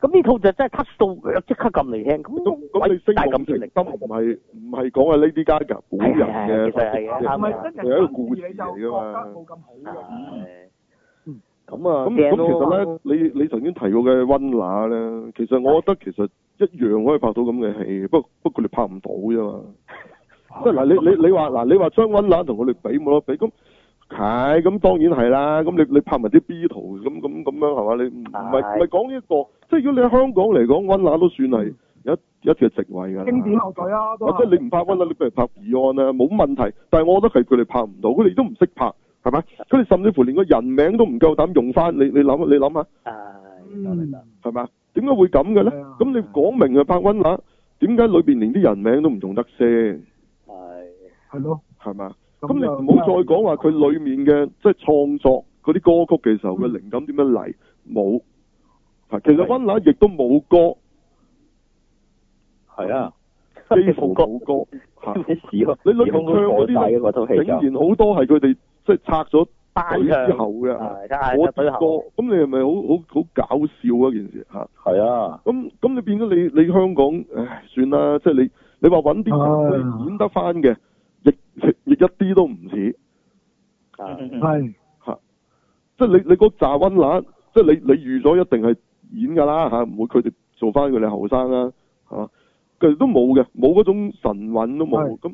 咁、啊、呢套就真係 cut 到即刻撳嚟聽。咁、嗯、咁你星夢情深唔係唔係講喺呢啲街噶，是是 Lady Gaga, 古人嘅，係、啊、咪？係、啊啊、一個故事嚟噶嘛。咁咁咁，其實咧，你你曾經提過嘅温拿咧，其實我覺得其實一樣可以拍到咁嘅戲，不不過你拍唔到啫嘛。啊嗯即係嗱，你你你話嗱，你話將温拿同佢哋比冇得比咁係咁，哎、當然係啦。咁你你拍埋啲 B 圖咁咁咁樣係嘛？你唔係唔係講呢一個？即係如果你喺香港嚟講，温拿都算係一一個席位嘅經典樂隊啊！哦，即、 就是、你唔拍温拿，你不如拍爾案啊，冇問題。但係我覺得係佢哋拍唔到，佢哋都唔識拍，係咪？佢哋甚至乎連個人名都唔夠膽用翻。你你諗你諗下，係，咪？ 點解會咁嘅咧？咁 你講明係拍温拿，點解裏邊連啲人名都唔用得先？係咯，係咪？咁你唔好再講話佢裏面嘅即係創作嗰啲歌曲嘅時候嘅靈感點樣嚟冇？其實溫拿亦都冇歌，係啊，幾乎冇歌。吓，你套戲？你諗住唱嗰啲嚟，竟然好多係佢哋即係拆咗隊之後嘅我隊歌。咁你係咪好好好搞笑啊？件事吓，係啊？咁咁你變咗你你香港，唉算啦，即係你你話搵啲人嚟演得翻嘅。亦一啲都唔似，係吓、 啊，即係你你嗰扎溫冷，即係你你預咗一定係演噶啦吓，唔、啊、會佢哋做翻佢哋後生啦吓，佢、啊、哋都冇嘅，冇嗰種神韻都冇，咁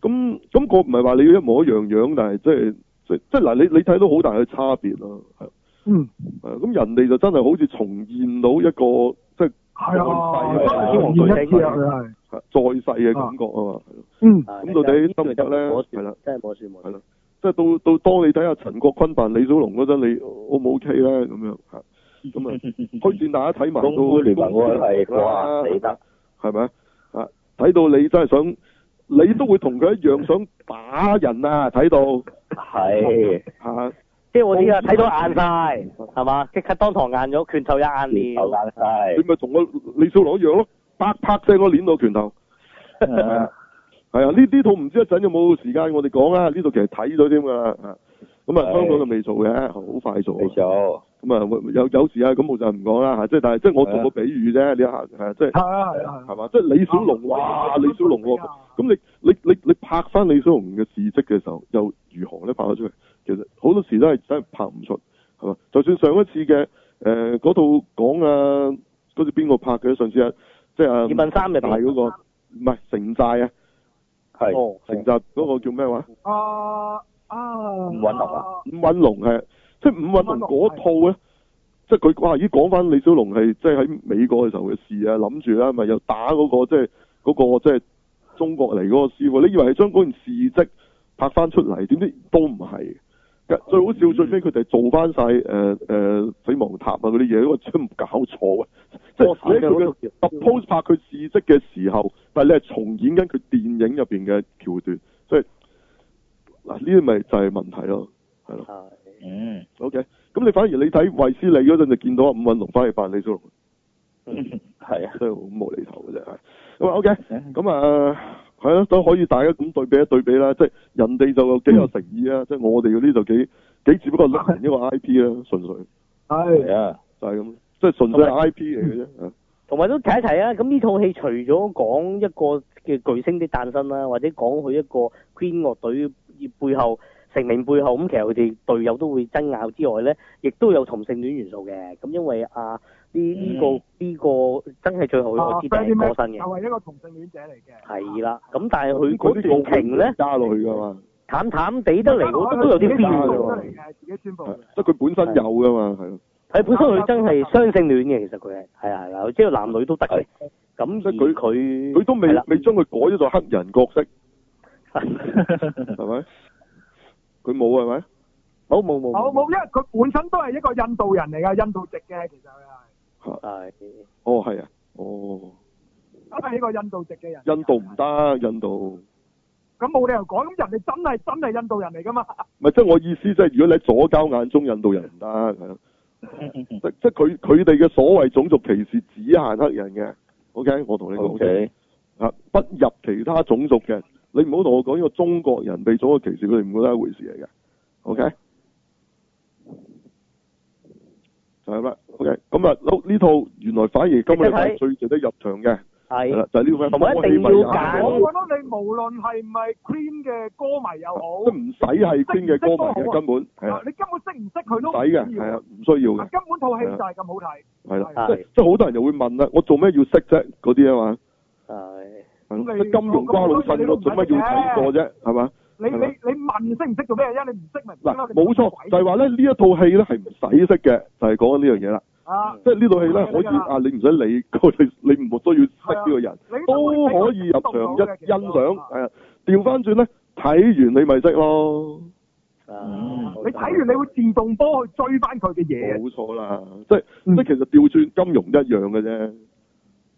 咁咁我唔係話你要一模一樣樣，但係即係即即嗱你你睇到好大嘅差別咯，係嗯、啊，咁人哋就真係好似重現到一個。係啊，啊，啊，啊、嗯、啊，真係天王巨星再細嘅感覺啊嘛，嗯，咁到底得唔得咧？係啦，真係冇事，事，冇，係啦，即係到都當你睇下陳國坤扮李小龍嗰陣，你 O 唔 O K 咧？咁樣，咁啊推薦大家睇埋《功夫聯盟》啊，係嘛，係咪啊？啊，睇到你真係想， 你都會同佢一樣想打人啊！睇到，係 吓、啊。啊即係我啲啊，睇、嗯、到硬晒，係嘛？即刻當堂硬咗，拳頭一硬裂，硬晒。你咪同我李小龍一樣咯，啪啪聲我捻到拳頭。係、嗯、啊，呢 啲、嗯嗯嗯、套唔知一陣有冇時間我哋講啊？呢套其實睇咗添噶啦。咁、嗯、啊、嗯嗯嗯，香港就未做嘅，好、嗯、快做。未咁、嗯、啊有有時啊，咁我就唔講啦嚇，即係但係即係我做個比喻啫，呢行係啊一下，即係係啊係啊係嘛？即係李小龍、啊、哇，李小龍喎，咁你你你你拍翻李小龍嘅事跡嘅時候，又如何咧拍得出嚟？其實好多時都係真係拍唔出，係嘛？就算上一次嘅誒嗰套講啊嗰次邊個拍嘅上次啊，即係啊葉問三咪拍嗰個唔係城寨啊，係城寨嗰個叫咩話啊啊伍允龍啊伍允龍係。即係伍允龍嗰套咧，即係佢哇！咦，講翻李小龍係即係喺美國嘅時候嘅事啊，諗住啦，咪又打嗰、嗰個即係嗰個即係、即係、中國嚟嗰個師傅。你以為係將嗰件事跡拍翻出嚟，點知都唔係、嗯、最好笑最尾佢哋做翻晒誒誒死亡塔啊嗰啲嘢，因為真搞錯嘅、啊。即係你佢 pose 拍佢事跡嘅時候，但係你係重演緊佢電影入邊嘅橋段，所以嗱呢啲咪就係問題咯，係咯。O K，咁你反而你睇維斯利嗰陣就見到阿伍允龍翻去扮李小龍，係、嗯、啊，都好無厘頭嘅啫。咁啊，O K，咁啊，係、okay. 咯、嗯嗯嗯嗯，都可以大家咁對比一對比啦。即係人哋就幾有誠意啊、嗯，即係我哋嗰啲就幾幾只不過攞人呢個 I P 啦， 純粹係啊，就係、是、咁，即係純粹係 I P 嚟嘅啫。同埋都提一提啊，咁呢套戲除咗講一個嘅巨星嘅誕生啦、啊，或者講佢一個 Queen 樂隊背後。成名背後咁，其實佢哋隊友都會爭拗之外咧，亦都有同性戀元素嘅。咁因為阿呢呢個呢個真係最後我知係過身嘅，係一個同性戀者嚟嘅。係啦，咁但係佢嗰段情咧，淡淡地得嚟，我覺得都有啲標嘅。即係佢本身有噶嘛，係。係本身佢真係雙性戀嘅，其實佢係係係，即係男女都得嘅。咁，即係佢佢佢都未未將佢改咗做黑人角色，係咪？佢冇係咪？好冇冇？我、哦、冇，因為佢本身都係一個印度人嚟噶，印度籍嘅，其實佢係係哦，係啊，哦，都係一個印度籍嘅人的。印度唔得，印度咁冇理由講，咁人哋真係真係印度人嚟噶嘛？唔係，即係我意思即係，如果你喺左膠眼中印度人唔得，係 即係佢佢哋嘅所謂種族歧視只限黑人嘅，OK？我同你講啊，okay. 不入其他種族嘅。你唔好同我講呢個中國人被咗嘅歧視，佢哋唔覺得係一回事嚟嘅，OK？就係啦，OK？咁啊，好，呢套原來反而今日睇最值得入場嘅係啦，就係呢個。我一定要揀。我覺得你無論係唔係 Queen 嘅歌迷又好，都唔使係 Queen 嘅歌迷，根本係啦，你根本識唔識佢都唔使嘅，係啊，唔需要嘅。根本套戲就係咁好睇，係啦，即係即係好多人就會問啦，我做咩要識啫？嗰啲啊嘛，係。金融瓜佬信咯，做乜叫睇過啫？係嘛？你你你，你問識唔識做咩啫？你唔識咪唔睇咯。嗱，冇錯，就係話咧呢一套戲咧係唔使識嘅，就係講緊呢樣嘢啦。啊，即係呢套戲咧可以啊，你唔使理佢，你你唔需要識呢個人，都可以入場一欣賞。係啊，調翻轉咧，睇完你咪識咯。你睇完你會自動波去追翻佢嘅嘢。冇錯啦，嗯、即係即係其實調轉金融一樣嘅啫。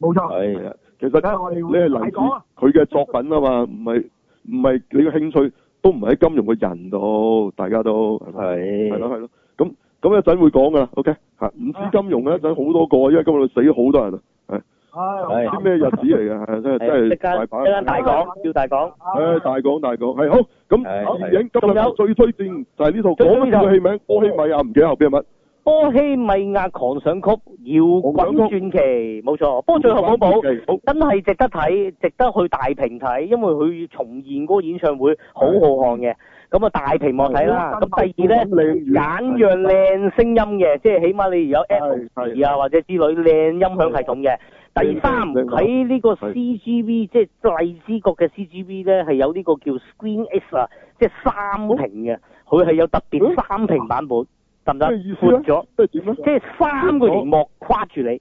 冇、嗯、錯。係其實你係來自佢嘅作品啊嘛，唔係唔係你嘅興趣都唔係喺金融嘅人度，大家都係係咯係咯，咁咁一陣會講噶，OK 吓？唔止金融啊，一陣好多個，因為今日死咗好多人啊，係係啲咩日子嚟嘅？係真係真係大把，一間大講叫大講，誒大講大講係好，咁電影今日最推薦就係呢套，講咗個戲名《波希米亞》，唔記得後邊係乜？波希米亞狂想曲、搖滾傳奇，冇錯。不過最後補補，真係值得睇，值得去大屏睇，因為佢重現嗰個演唱會好好看嘅。咁啊，大屏幕睇啦。咁第二呢，揀樣靚聲音嘅，即係起碼你有 Apple 啊或者之類靚音響系統嘅。第三喺呢個 CGV，即係荔枝角嘅 CGV 呢，係有呢個叫 Screen X 啊，即係三屏嘅，佢係有特別三屏版本。嗯得唔得？闊咗，即係三個屏幕跨住你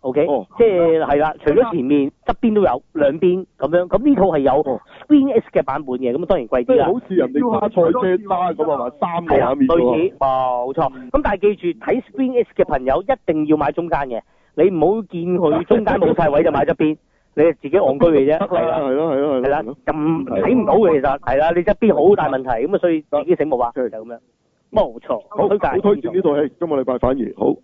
，OK，即係係啦。除咗前面側邊都有，兩邊咁樣。咁呢套係有 Screen S 嘅版本嘅，咁啊當然貴啲啦。好似人哋要下台遮拉咁啊，買三個面嘅喎。冇錯。咁但係記住睇 Screen S 嘅朋友一定要買中間嘅，你唔好見佢中間冇晒位就買側邊，你係自己憨居嘅啫。係啦，係咯，係咯。係啦，咁睇唔到嘅其實。係啦，你側邊好大問題，咁啊所以自己醒目啊，就咁樣。冇錯，好，好，好推薦呢套戲，今個禮拜反而好。